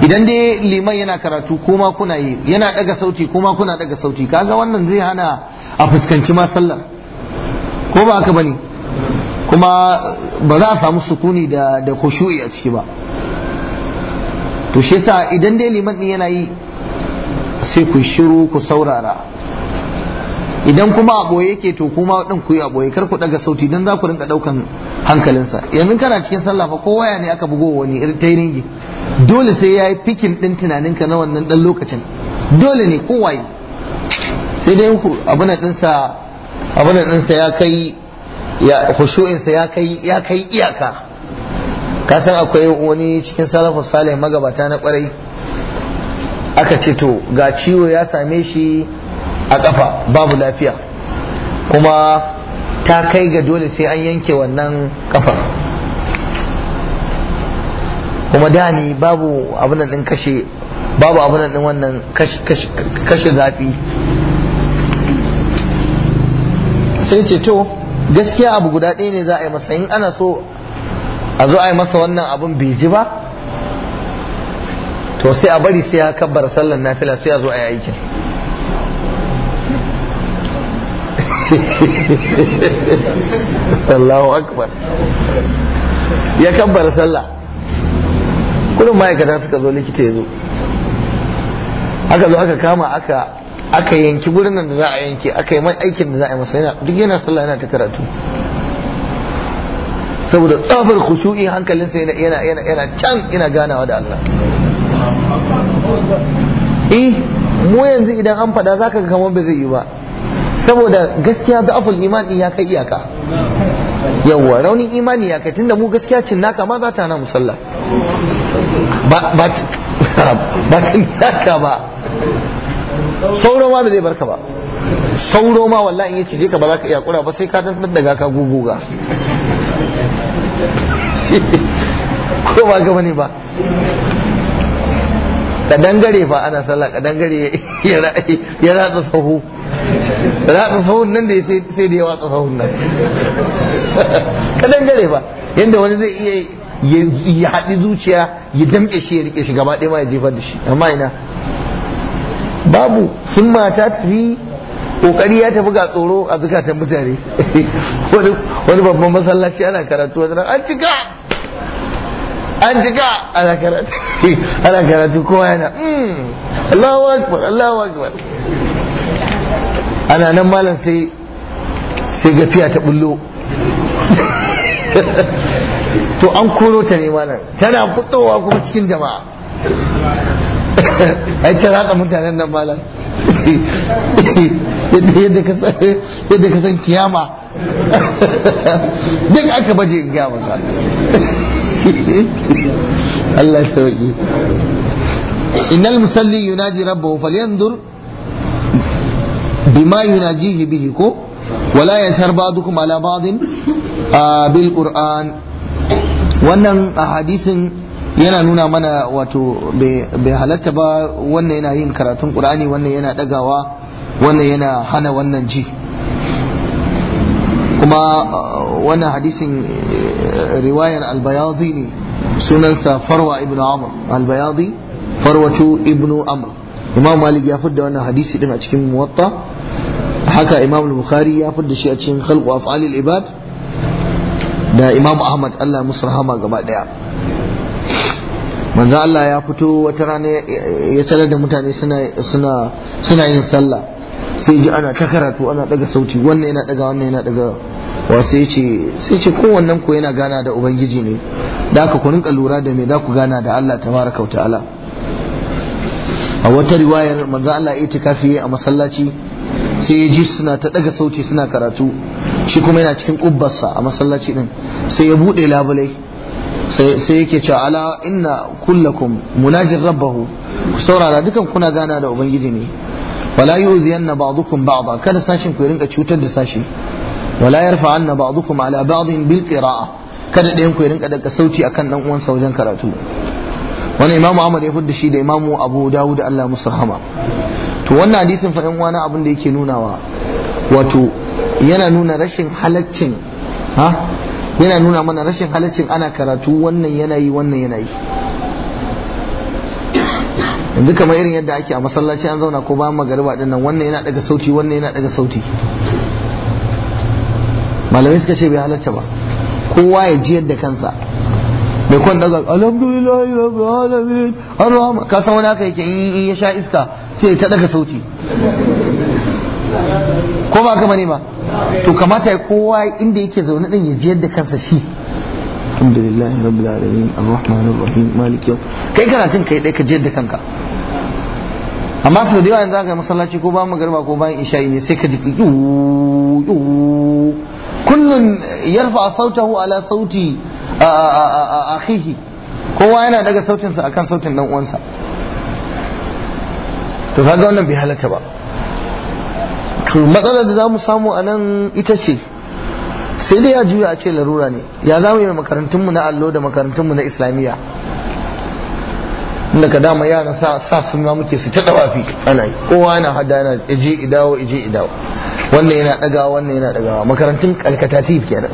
idan dai liman yana karatu kuma kuna yi yana daga sauti kuma kuna daga sauti kaga wannan zai hana a fuskanci ma ko ba haka bane kuma ba za a samu sukuni da da khushu'i a ciki ba to shi yasa idan dai liman din yana yi sai ku shiru ku saurara idan kuma a boye yake to kuma din ku yi a kar ku daga sauti dan za ku rinka daukan hankalinsa yanzu kana cikin sallah fa kowa ne aka bugo wani irin tairingi dole sai yayi fikin din tunaninka na wannan dan lokacin dole ne kowa sai dai ku abuna dinsa abuna dinsa ya kai ya khushu'insa ya kai ya kai iyaka ka san akwai wani cikin salafu salih magabata na kwarai aka ce to ga ciwo ya same shi a kafa babu lafiya kuma ta kai ga dole sai an yanke wannan kafar kuma da ni babu abin din kashe babu abin din wannan kashe zafi sai ce to gaskiya abu guda ɗaya ne za a yi masa in ana so a zo a yi masa wannan abun bai ji ba to sai a bari sai ya kabbar sallar nafila sai a zo a yi aikin Allahu akbar ya kabbar sallah kullum ma'aikata suka zo likita ya zo aka zo aka kama aka aka yanki gurin nan da za a yanke aka yi mai aikin da za a yi masa yana duk yana sallah yana ta karatu saboda tsafar khushu'i hankalinsa yana yana yana can yana ganawa da Allah eh mu yanzu idan an faɗa zaka ga kamar ba zai yi ba saboda gaskiya da'aful imani ya kai iyaka yawwa raunin imani ya kai tunda mu gaskiya cin naka ma za ta na musalla ba ba ba ba sauro ma ba zai barka ba sauro ma wallahi in yace je ka ba za ka iya kura ba sai ka tantar daga ka guguga ko ba ga bane ba da dangare fa ana sallah ka dangare ya ratsa sahu ratsa sahu nan da sai da ya watsa sahu nan ka dangare fa yadda wani zai iya ya haɗi zuciya ya damƙe shi ya rike shi gaba ɗaya ma ya jefar da shi amma ina babu sun mata tafi kokari ya tafi ga tsoro a zukatan mutane wani babban masallaci ana karatu wani an cika an cika ana karatu ana karatu kowa yana hmm, Allahu akbar Allahu akbar ana nan malam sai sai gafiya ta bullo to an kuro ta ne malam tana fitowa kuma cikin jama'a ai ta ratsa mutanen nan malam yadda ka san kiyama duk aka baje in gaya masa Allah ya sauki innal musalli yunaji rabbahu falyanzur bima yunajihi bihi ko wala yashar ba'dukum ala ba'din ah, bil qur'an wannan a hadisin yana nuna mana wato bai halatta ba wannan yana yin karatun qur'ani wannan yana dagawa wannan yana hana wannan ji kuma uh, wannan hadisin uh, riwayar albayadi ne sunansa farwa ibnu amr albayadi farwatu ibnu amr imam malik ya fidda wannan hadisi din a cikin muwatta haka imam bukhari ya fidda shi a cikin khalqu af'alil ibad da imam ahmad Allah musu rahama gaba daya manzo Allah ya fito wata rana ya tarar da mutane suna yin sallah sai ji ana ta karatu ana daga sauti wannan yana daga wannan yana daga wa sai ce sai ce kowannen ku yana gana da ubangiji ne da ka ku rinka lura da me za ku gana da Allah tabaraka wa ta'ala a wata riwayar manzo Allah ya fiye a masallaci sai ya ji suna ta daga sauti suna karatu shi kuma yana cikin kubbarsa a masallaci din sai ya bude labulai sai yake cewa ala inna kullakum munajin rabbahu ku saurara dukan kuna gana da ubangiji ne wala yu'ziyanna ba'dukum ba'da kada sashin ku rinka cutar da sashi wala yarfa'anna ba'dukum ala ba'din bil qira'a kada ɗayan ku rinka daga sauti akan dan uwansa wajen karatu wani imamu Ahmad ya fudda shi da imamu Abu Dawud Allah musu rahama to wannan hadisin fa ɗan wani abin da yake nunawa wato yana nuna rashin halaccin ha yana nuna mana rashin halaccin ana karatu wannan yanayi wannan yanayi yanzu kamar irin yadda ake a masallaci an zauna ko ba magariba din nan wannan yana daga sauti wannan yana daga sauti malamai suka ce bai halarci ba kowa ya ji yadda kansa bai kwan daga alhamdulillah rabbil alamin arham ka san wani haka yake in ya sha iska sai ta daga sauti ko ba ka bane ba to kamata ya kowa inda yake zaune din ya ji yadda kansa shi alhamdulillah rabbil alamin arrahman arrahim malik yau kai karatun kai dai ka ji yadda kanka amma su da yawa yanzu aka yi masallaci ko ba mu garba ko bayan isha ne sai ka ji kullun yarfa sautahu ala sauti akhihi kowa yana daga sautinsa akan sautin dan uwansa to kaga wannan bai halatta ba to matsalar da za mu samu a nan ita ce sai dai ya juya a ce larura ne ya za mu yi makarantunmu na allo da makarantunmu na islamiyya inda ka dama yana sa sun ma muke su ta dawafi ana yi kowa yana hada yana ije idawo ije idawo wannan yana dagawa wannan yana dagawa makarantun kalkatatif kenan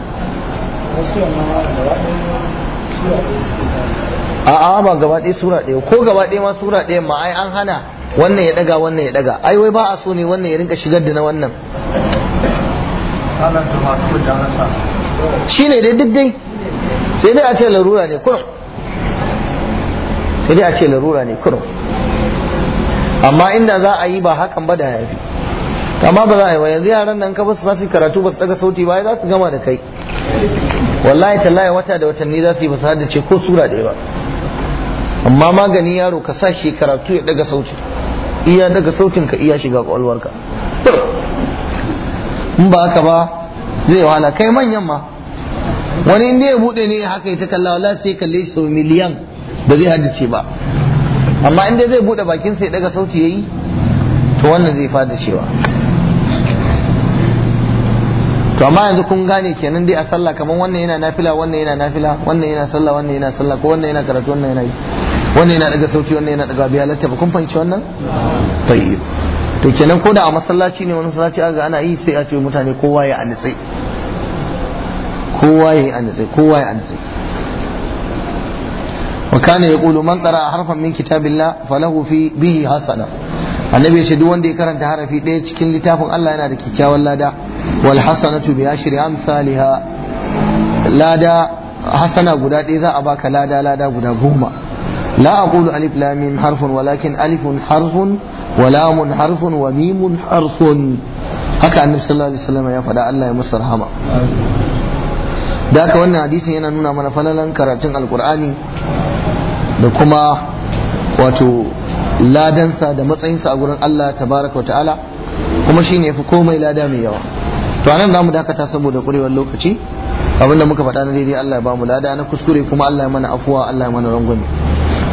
a'a ba gaba ɗaya sura ɗaya ko gaba ɗaya ma sura ɗaya ma ai an hana wannan ya daga wannan ya daga ai wai ba a so ne wannan ya rinka shigar da na wannan shi ne dai duk dai sai dai a ce larura ne kurum sai dai a ce larura ne kurum amma inda za a yi ba hakan ba da fi amma ba za a yi ba yanzu yaran nan ka basu za su karatu ba su daga sauti ba za su gama da kai wallahi tallahi wata da watanni za su yi ba su ce ko sura ɗaya ba amma magani yaro ka sa shi karatu ya daga sauti iya daga sautin ka iya shiga kwalwarka in ba haka ba zai wahala kai manyan ma wani inda ya bude ne haka ya ta kalla wala sai kalle shi sau miliyan ba zai hadice ba amma inda zai bude bakin sai daga sauti yayi to wannan zai fada cewa to amma yanzu kun gane kenan dai a sallah kamar wannan yana nafila wannan yana nafila wannan yana sallah wannan yana sallah ko wannan yana karatu wannan yana yi wannan yana daga sauti wannan yana daga biya latta ba kun fahimci wannan tayyib to kenan ko da a masallaci ne wani masallaci ga ana yi sai a ce mutane kowa ya anitse kowa ya anitse kowa ya anitse wa kana yaqulu man qara harfan min kitabillah falahu fi bihi hasana annabi ya ce duk wanda ya karanta harafi ɗaya cikin littafin Allah yana da kyakkyawan lada wal hasanatu bi ashri amsalha lada hasana guda ɗaya za a baka lada lada guda goma لا أقول ألف لا حرف ولكن ألف حرف ولام حرف وميم حرف haka annabi sallallahu alaihi wasallam ya faɗa Allah ya masa rahama da haka wannan hadisin yana nuna mana falalan karatun alkur'ani da kuma wato ladansa da matsayinsa a gurin Allah tabaraka wa ta'ala kuma shine yafi komai lada mai yawa to anan zamu dakata saboda kurewar lokaci abinda muka faɗa na daidai Allah ya bamu lada na kuskure kuma Allah ya mana afuwa Allah ya mana rangwame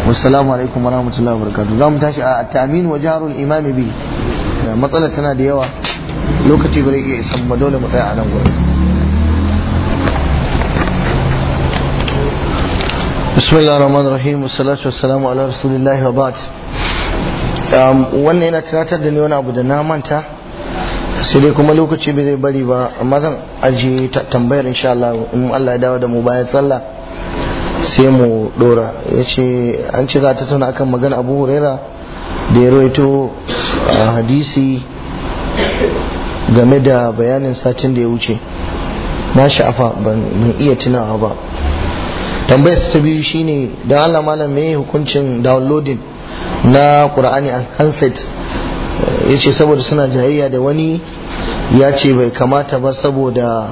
wassalamu alaikum wa rahmatullahi wa barakatuh za mu tashi a tamin wa jarul imami bi matsala tana da yawa lokaci bare iya isan ba dole mu tsaya a nan gurin bismillahir rahmanir rahim wassalatu wassalamu ala rasulillahi wa ba'd um, wannan yana tunatar da ni wani abu da na manta sai dai kuma lokaci bai zai bari ba amma zan ajiye tambayar insha Allah in Allah ya dawo da mu bayan sallah sai mu dora ya ce an ce za ta tauna akan magana abu huraira da ya rawaito a hadisi game da bayanin satin da ya wuce na sha'afa ban iya tunawa ba tambayar ta biyu shine don allah malam mai hukuncin downloading na qur'ani a hanset ya ce saboda suna jayayya da wani ya ce bai kamata ba saboda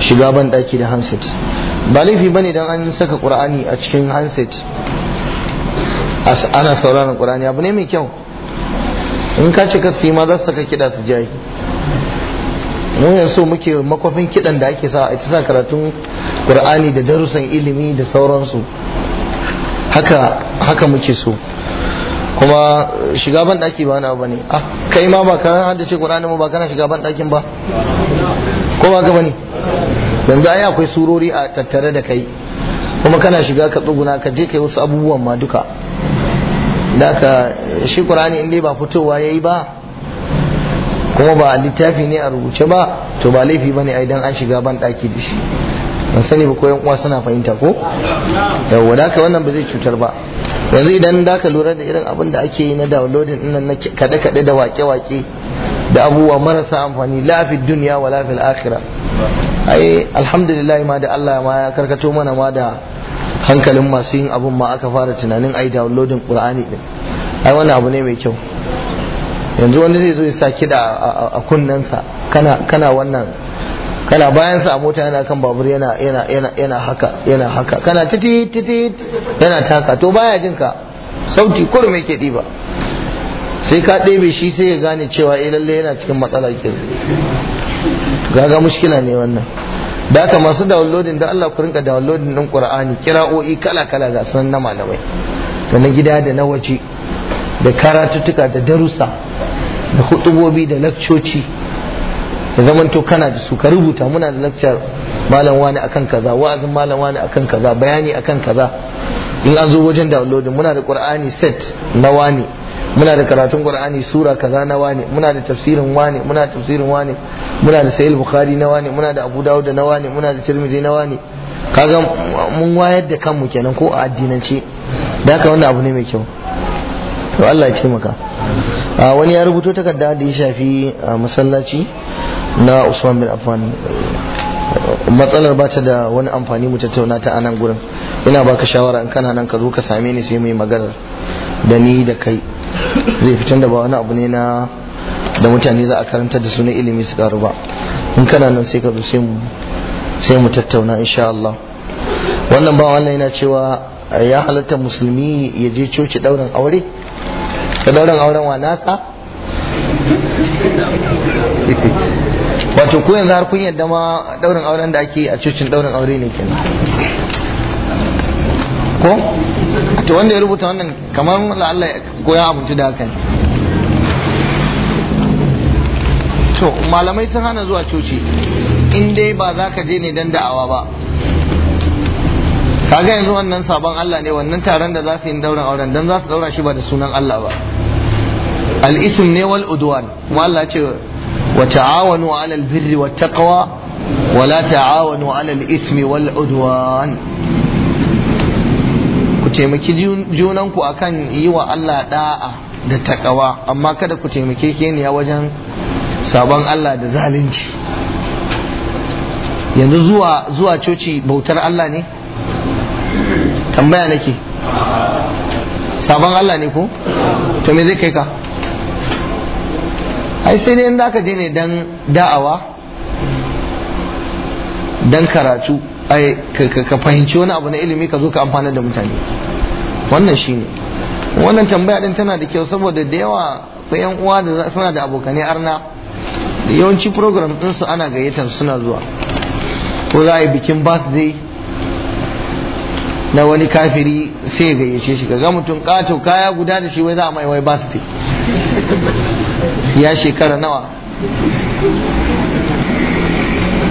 shiga ban daki da hanset. ba laifi bane dan an saka qur'ani a cikin handset ana sauraron qur'ani abu ne mai kyau in ka ce kasi ma za su saka kiɗa su jayi mun so muke makwafin kiɗan da ake sa a ita sa karatun qur'ani da darussan ilimi da sauransu haka haka muke so kuma shiga ban daki ba wani abu ne ah kai ma ba ka haddace qur'ani ma ba kana shiga ban dakin ba ko ba ka bane yanzu ai akwai surori a tattare da kai kuma kana shiga ka tsuguna ka je kai wasu abubuwan ma duka da ka shi qur'ani in dai ba fitowa yayi ba kuma ba a littafi ne a rubuce ba to ba laifi bane ai dan an shiga ban daki da shi ban sani ba koyan uwa suna fahimta ko yawwa da wannan ba zai cutar ba yanzu idan da ka lura da irin abin da ake yi na downloading din na kada kada da wake wake da abubuwa marasa amfani lafi duniya wa lafi akhirah ai alhamdulillah ma da Allah ma ya karkato mana ma da hankalin masu yin abun ma aka fara tunanin ai downloading qur'ani din ai wani abu ne mai kyau yanzu wani zai zo ya sa kiɗa a kunnensa kana kana wannan kana bayan sa a mota yana kan babur yana yana yana haka yana haka kana titi titi yana taka to baya jin ka sauti kurum yake diba sai ka ɗebe shi sai ya gane cewa eh lalle yana cikin matsala kenan gaga mushkila ne wannan da haka masu downloading da Allah ku rinka downloading din Qur'ani kira'o'i kala kala ga sunan na malamai da na gida da na waje da karatuttuka da darussa da hutubobi da lakcoci da zaman to kana da su ka rubuta muna da lakcar malam wani akan kaza wa'azin malam wani akan kaza bayani akan kaza in an zo wajen downloading muna da Qur'ani set na wani muna da karatun qur'ani sura kaza na wane muna da tafsirin wane muna da tafsirin wane muna da sahih bukhari na wane muna da abu dawud na wane muna da tirmidhi na wane kaga mun wayar da kanmu kenan ko a addinance da haka wannan abu ne mai kyau to Allah ya maka a wani ya rubuto takarda da ya shafi masallaci na Usman bin Affan matsalar ba ta da wani amfani mu tattauna ta anan gurin ina baka shawara in kana nan ka zo ka same ni sai mu yi maganar da ni da kai zai fitan da ba wani abu ne na da mutane za a karanta da suna ilimi su karu ba in kana nan sai ka zo sai mu tattauna insha Allah wannan ba wannan yana cewa ya halatta musulmi ya je coci dauran aure ka dauran auren wa nasa wato ko yanzu har kun yadda ma dauran auren da ake a cocin dauran aure ne kenan ko to wanda ya rubuta wannan kamar Allah ko ya abinci da haka to malamai sun hana zuwa coci in dai ba za ka je ne dan da'awa ba kaga yanzu wannan sabon Allah ne wannan taron da za su yi daura auren dan za su daura shi ba da sunan Allah ba al ne wal udwan kuma Allah ce wa ta'awanu 'alal birri wat taqwa wa la ta'awanu 'alal ismi wal udwan ku taimaki junanku akan yi wa Allah da'a da takawa amma kada ku taimake keniya wajen sabon Allah da zalunci yanzu zuwa zuwa coci bautar Allah ne tambaya nake sabon Allah ne ko to me zai kai ka ai sai dai in aka je ne dan da'awa dan karatu ai ka fahimci wani abu na ilimi ka zo ka amfana da mutane wannan shi ne. wannan tambaya din tana da kyau saboda da yawa ko yan uwa da suna da abokanai arna da yawanci program din su ana gayyatar suna zuwa ko za a yi bikin birthday na wani kafiri sai ya gayyace shi ga mutum kato kaya guda da shi wai za a mai wai birthday ya shekara nawa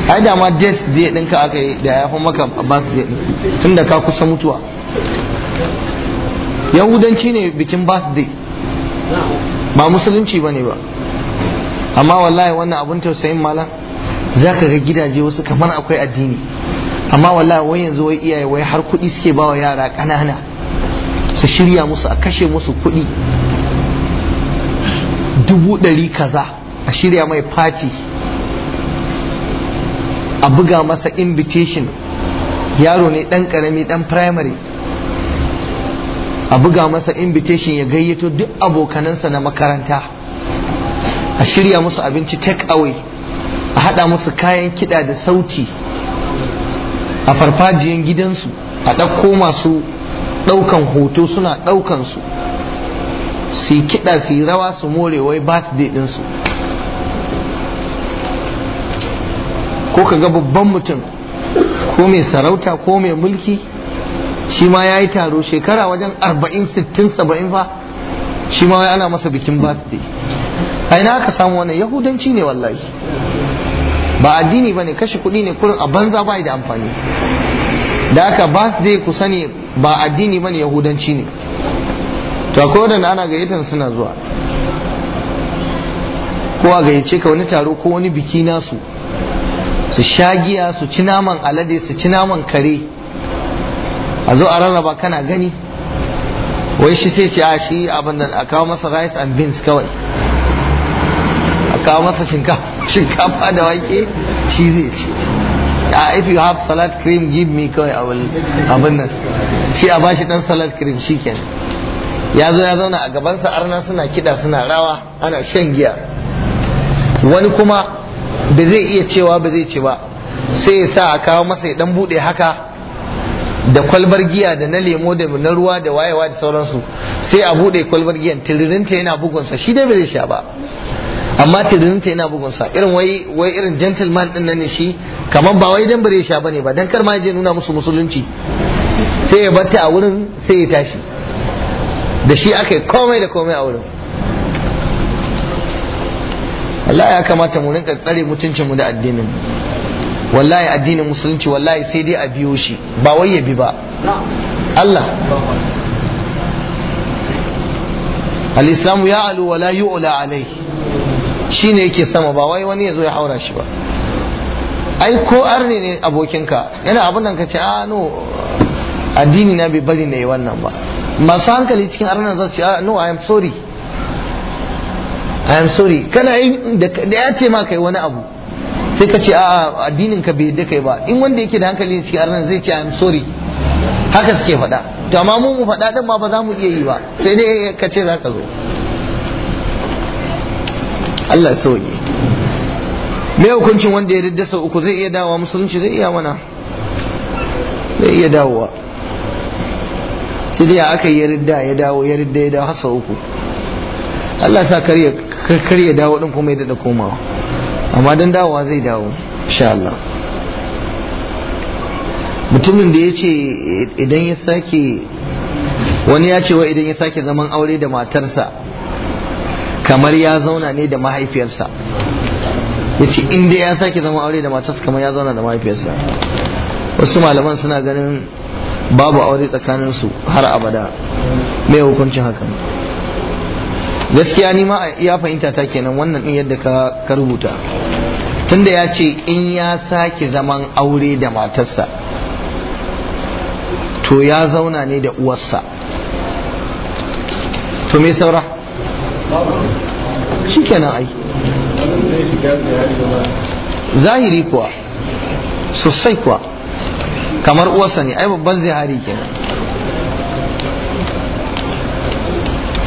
ai da ma death day ɗinka aka yi da ya maka birthday ɗin tun da ka kusa mutuwa yahudanci ne bikin birthday ba musulunci ba ne ba amma wallahi wannan abun tausayin malam za ka ga gidaje wasu kamar akwai addini amma wallahi wai yanzu wai iyaye wai har kuɗi suke ba wa yara ƙanana su shirya musu a kashe musu kuɗi dubu ɗari kaza a shirya mai fati a buga masa invitation yaro ne dan karami dan primary a buga masa invitation ya gayyato duk abokanansa na makaranta a shirya musu abinci take away a hada musu kayan kida da sauti a farfajiyan gidansu a ɗauko masu ɗaukan hoto suna ɗaukan su su kiɗa su yi rawa su more wai birthday ɗinsu ko ka ga babban mutum ko mai sarauta ko mai mulki shi ma ya yi taro shekara wajen arba'in sittin saba'in fa shi ma ana masa bikin birthday a ina aka samu wannan yahudanci ne wallahi ba addini ba ne kashe kuɗi ne kurin a banza ba da amfani da aka birthday ku sani ba addini ba ne yahudanci ne to akwai wadanda ana gayyatar suna zuwa ko a gayyace ka wani taro ko wani biki nasu su shagiya su ci naman alade su ci naman kare a zo a rarraba kana gani wai shi sai ce a shi abin da a kawo masa rice and beans kawai a kawo masa shinkafa da wake shi zai ci if you have salad cream give me kawai abin nan shi a bashi dan salad cream shi ken, ya zo ya zauna a gabansa arna suna kida suna rawa ana shan giya wani kuma da zai iya cewa ba zai ce ba sai ya sa a kawo masa ya dan bude haka da kwalbar giya da na lemo da na ruwa da wayewa da sauransu sai a bude kwalbar giyan tiririnta yana bugunsa shi dai ba zai sha ba amma tiririnta yana bugunsa irin wai wai irin gentleman din nan ne shi kamar ba wai dan ba zai sha bane ba dan kar ma je nuna musu musulunci sai ya batta a wurin sai ya tashi da shi aka yi komai da komai a wurin wallahi ya kamata mu rinka tsare mutuncin mu da addinin mu wallahi addinin musulunci wallahi sai dai a biyo shi ba wai ya bi ba Allah al islamu ya alu wala yu'la alai shine yake sama ba wai wani yazo ya haura shi ba ai ko arne ne abokinka yana abin nan ka ce a ah, no addini na bai bari na yi wannan ba masu hankali cikin arnan zasu ce ah, no i am sorry i am sorry kana yin da ya ce ma kai wani abu sai ka ce a addinin ka bai yadda kai ba in wanda yake da hankali cikin arnan zai ce i am sorry haka suke faɗa to amma mu mu faɗa din ma ba za mu iya yi ba sai dai ka ce za ka zo Allah ya sauke me hukuncin wanda ya ridda sau uku zai iya dawowa musulunci zai iya mana zai iya dawowa sai dai aka yi ya ridda ya dawo ya ridda ya dawo har sau uku Allah sa kariya kar ya dawo din kuma ya dada komawa amma dan dawowa zai dawo insha Allah mutumin da ya ce idan ya sake wani ya ce wa idan ya sake zaman aure da matarsa kamar ya zauna ne da mahaifiyarsa ya ce inda ya sake zaman aure da matarsa kamar ya zauna da mahaifiyarsa wasu malaman suna ganin babu aure tsakaninsu har abada mai hukuncin hakan gaskiya ni ma ya fahimta ta kenan wannan din yadda ka ka rubuta tunda ya ce in ya sake zaman aure da matarsa to ya zauna ne da uwarsa to me saura kenan ai zahiri kuwa sosai kuwa kamar uwarsa ne ai babban zahiri kenan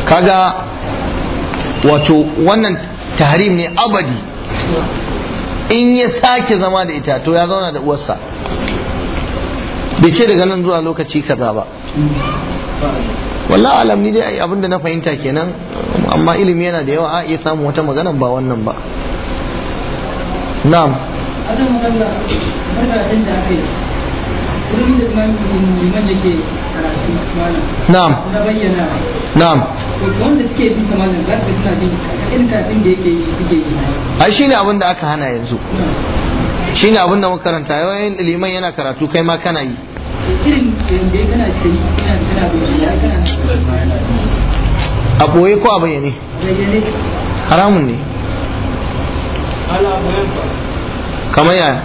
kaga wato wannan tahrim ne abadi in ya sake zama da ita to ya zauna da uwarsa bai ce daga nan zuwa lokaci kaza ba wallah alam ni dai abin da na fahimta kenan amma ilimi yana da yawa a iya samun wata magana ba wannan ba na'am da نعم نعم wanda suke da yake yi suke yi ai shine abin da aka hana yanzu shine abin da makaranta yawan liman yana karatu kai ma kana yi a ɓoye ko a bayyane haramun ne kamar yaya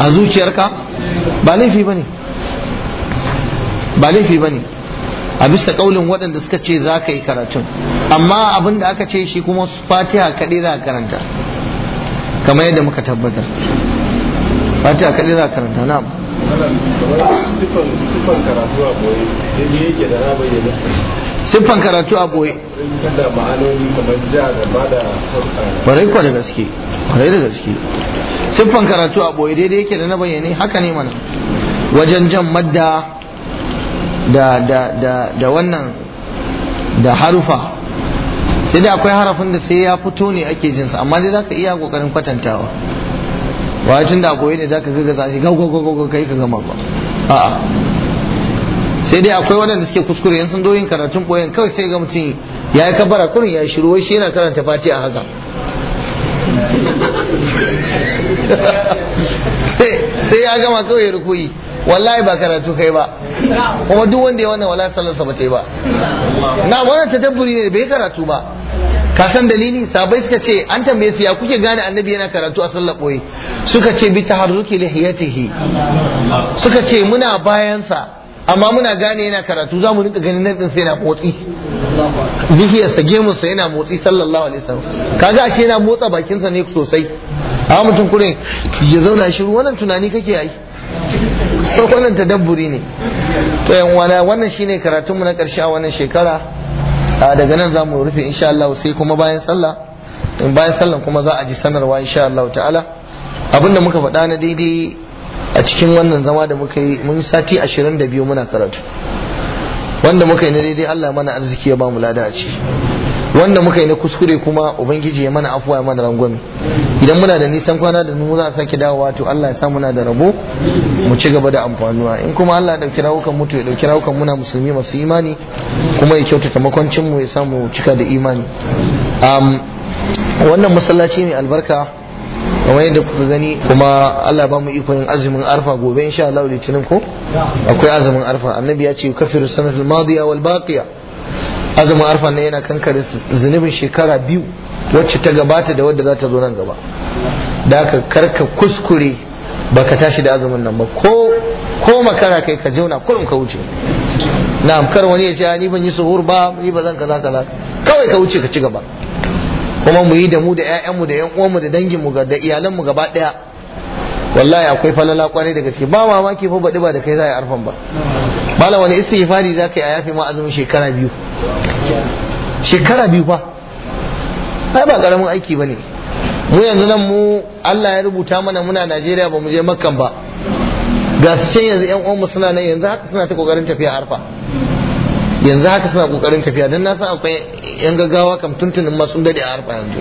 a zuciyarka ba laifi ba ne ba laifi ba ne a bisa ƙaulin waɗanda suka ce za ka yi karatun amma abin da aka ce shi kuma fatiha kaɗai za a karanta kamar yadda muka tabbatar fatiha kaɗai za a karanta na siffan karatu a boye kwarai kwa da gaske kwarai da gaske siffan karatu a boye daidai yake da na bayyane haka ne mana wajen jan madda da da da da wannan da harufa sai da akwai harafin da sai ya fito ne ake jin sa amma dai zaka iya kokarin kwatantawa wa tun da koyi ne zaka gaga shi ga go go go kai ka gama ba a sai dai akwai waɗanda suke kuskure yan sun zo yin karatun boyen kawai sai ga mutum ya yi kabara kurin ya shiru wai shi yana karanta fati a haka sai ya gama kawai ya rukuyi wallahi ba karatu kai ba kuma duk wanda ya wannan wallahi sallarsa ba ce ba na wannan tadabburi ne bai karatu ba ka san dalili sabai suka ce an tambaye su ya kuke gane annabi yana karatu a sallar boye suka ce bi taharruki lihiyatihi suka ce muna bayansa amma muna gane yana karatu za mu rinka ganin nan din sai yana motsi lihiyarsa gemunsa yana motsi sallallahu alaihi wasallam kaga ashe yana motsa bakinsa ne sosai amma mutum kure ya zauna shiru wannan tunani kake yi to wannan tadabburi ne to yan wala wannan shine karatunmu na karshe a wannan shekara A daga nan za mu rufe insha Allah sai kuma bayan sallah in bayan sallah kuma za a ji sanarwa insha Allah ta'ala abinda muka faɗa na daidai a cikin wannan zama da muka yi mun sati 22 muna karatu wanda muka yi na daidai Allah mana arziki ya ba mu lada a ciki wanda muka yi na kuskure kuma ubangiji ya mana afuwa ya mana rangwame idan muna da nisan kwana da mu za a sake dawowa to Allah ya sa muna da rabo mu ci gaba da amfanuwa in kuma Allah ya dauki rawukan mutu ya dauki rawukan muna musulmi masu imani kuma ya kyautata makwancin mu ya samu cika da imani wannan masallaci mai albarka kamar yadda kuka gani kuma Allah ba mu ikon azumin arfa gobe insha Allah litinin ko akwai azumin arfa annabi ya ce kafiru sanatul madiya wal baqiya azumin arfa na yana kankare zunubin shekara biyu wacce ta gabata da wadda za ta zo nan gaba da aka karka kuskure baka tashi da azumin nan ba ko ko makara kai ka jauna kurum ka wuce na'am kar wani ya ce ni ban yi suhur ba ni ba zan kaza kaza kawai ka wuce ka ci gaba kuma mu yi da mu da 'ya'yanmu da 'yan uwanmu da danginmu da iyalanmu gaba ɗaya wallahi akwai falala kwarai da gaske ba mamaki fa baɗi ba da kai za a yi arfan ba malam wani istighfari za ka a yafe ma azumin shekara biyu shekara biyu fa ai ba karamin aiki ba ne mu yanzu nan mu Allah ya rubuta mana muna Najeriya ba mu je makkan ba ga su can yanzu yan uwanmu suna nan yanzu haka suna ta kokarin tafiya arfa yanzu haka suna kokarin tafiya don na san akwai yan gaggawa kam tuntunin ma sun dade a arfa yanzu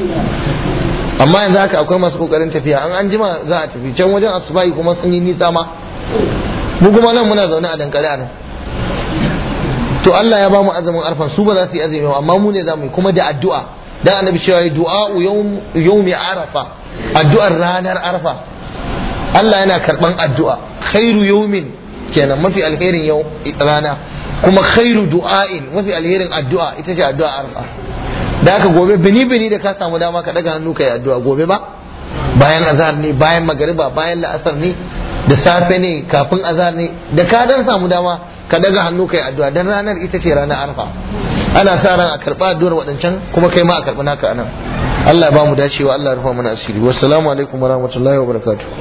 amma yanzu haka akwai masu kokarin tafiya an an jima za a tafi can wajen asubai kuma sun yi nisa ma mu kuma nan muna zaune a dankali a nan to Allah ya ba mu azumin arfa su ba za su yi azumi amma mu ne za mu yi kuma da addu'a dan annabi cewa du'a yawmi arafa addu'ar ranar arfa Allah yana karban addu'a khairu yawmin kenan mafi alherin yau rana kuma khairu du'ain mafi alherin addu'a ita ce addu'a arfa da haka gobe bini bini da ka samu dama ka daga hannu kai addu'a gobe ba bayan azhar ne bayan magariba bayan la'asar ne da safe ne kafin azhar ne da ka dan samu dama ka daga hannu kai addu'a dan ranar ita ce ranar arfa ana sa ran a karba addu'ar waɗancan kuma kai ma a karɓi naka anan Allah ya ba mu dacewa Allah ya rufa mana asiri wassalamu alaikum warahmatullahi wabarakatuh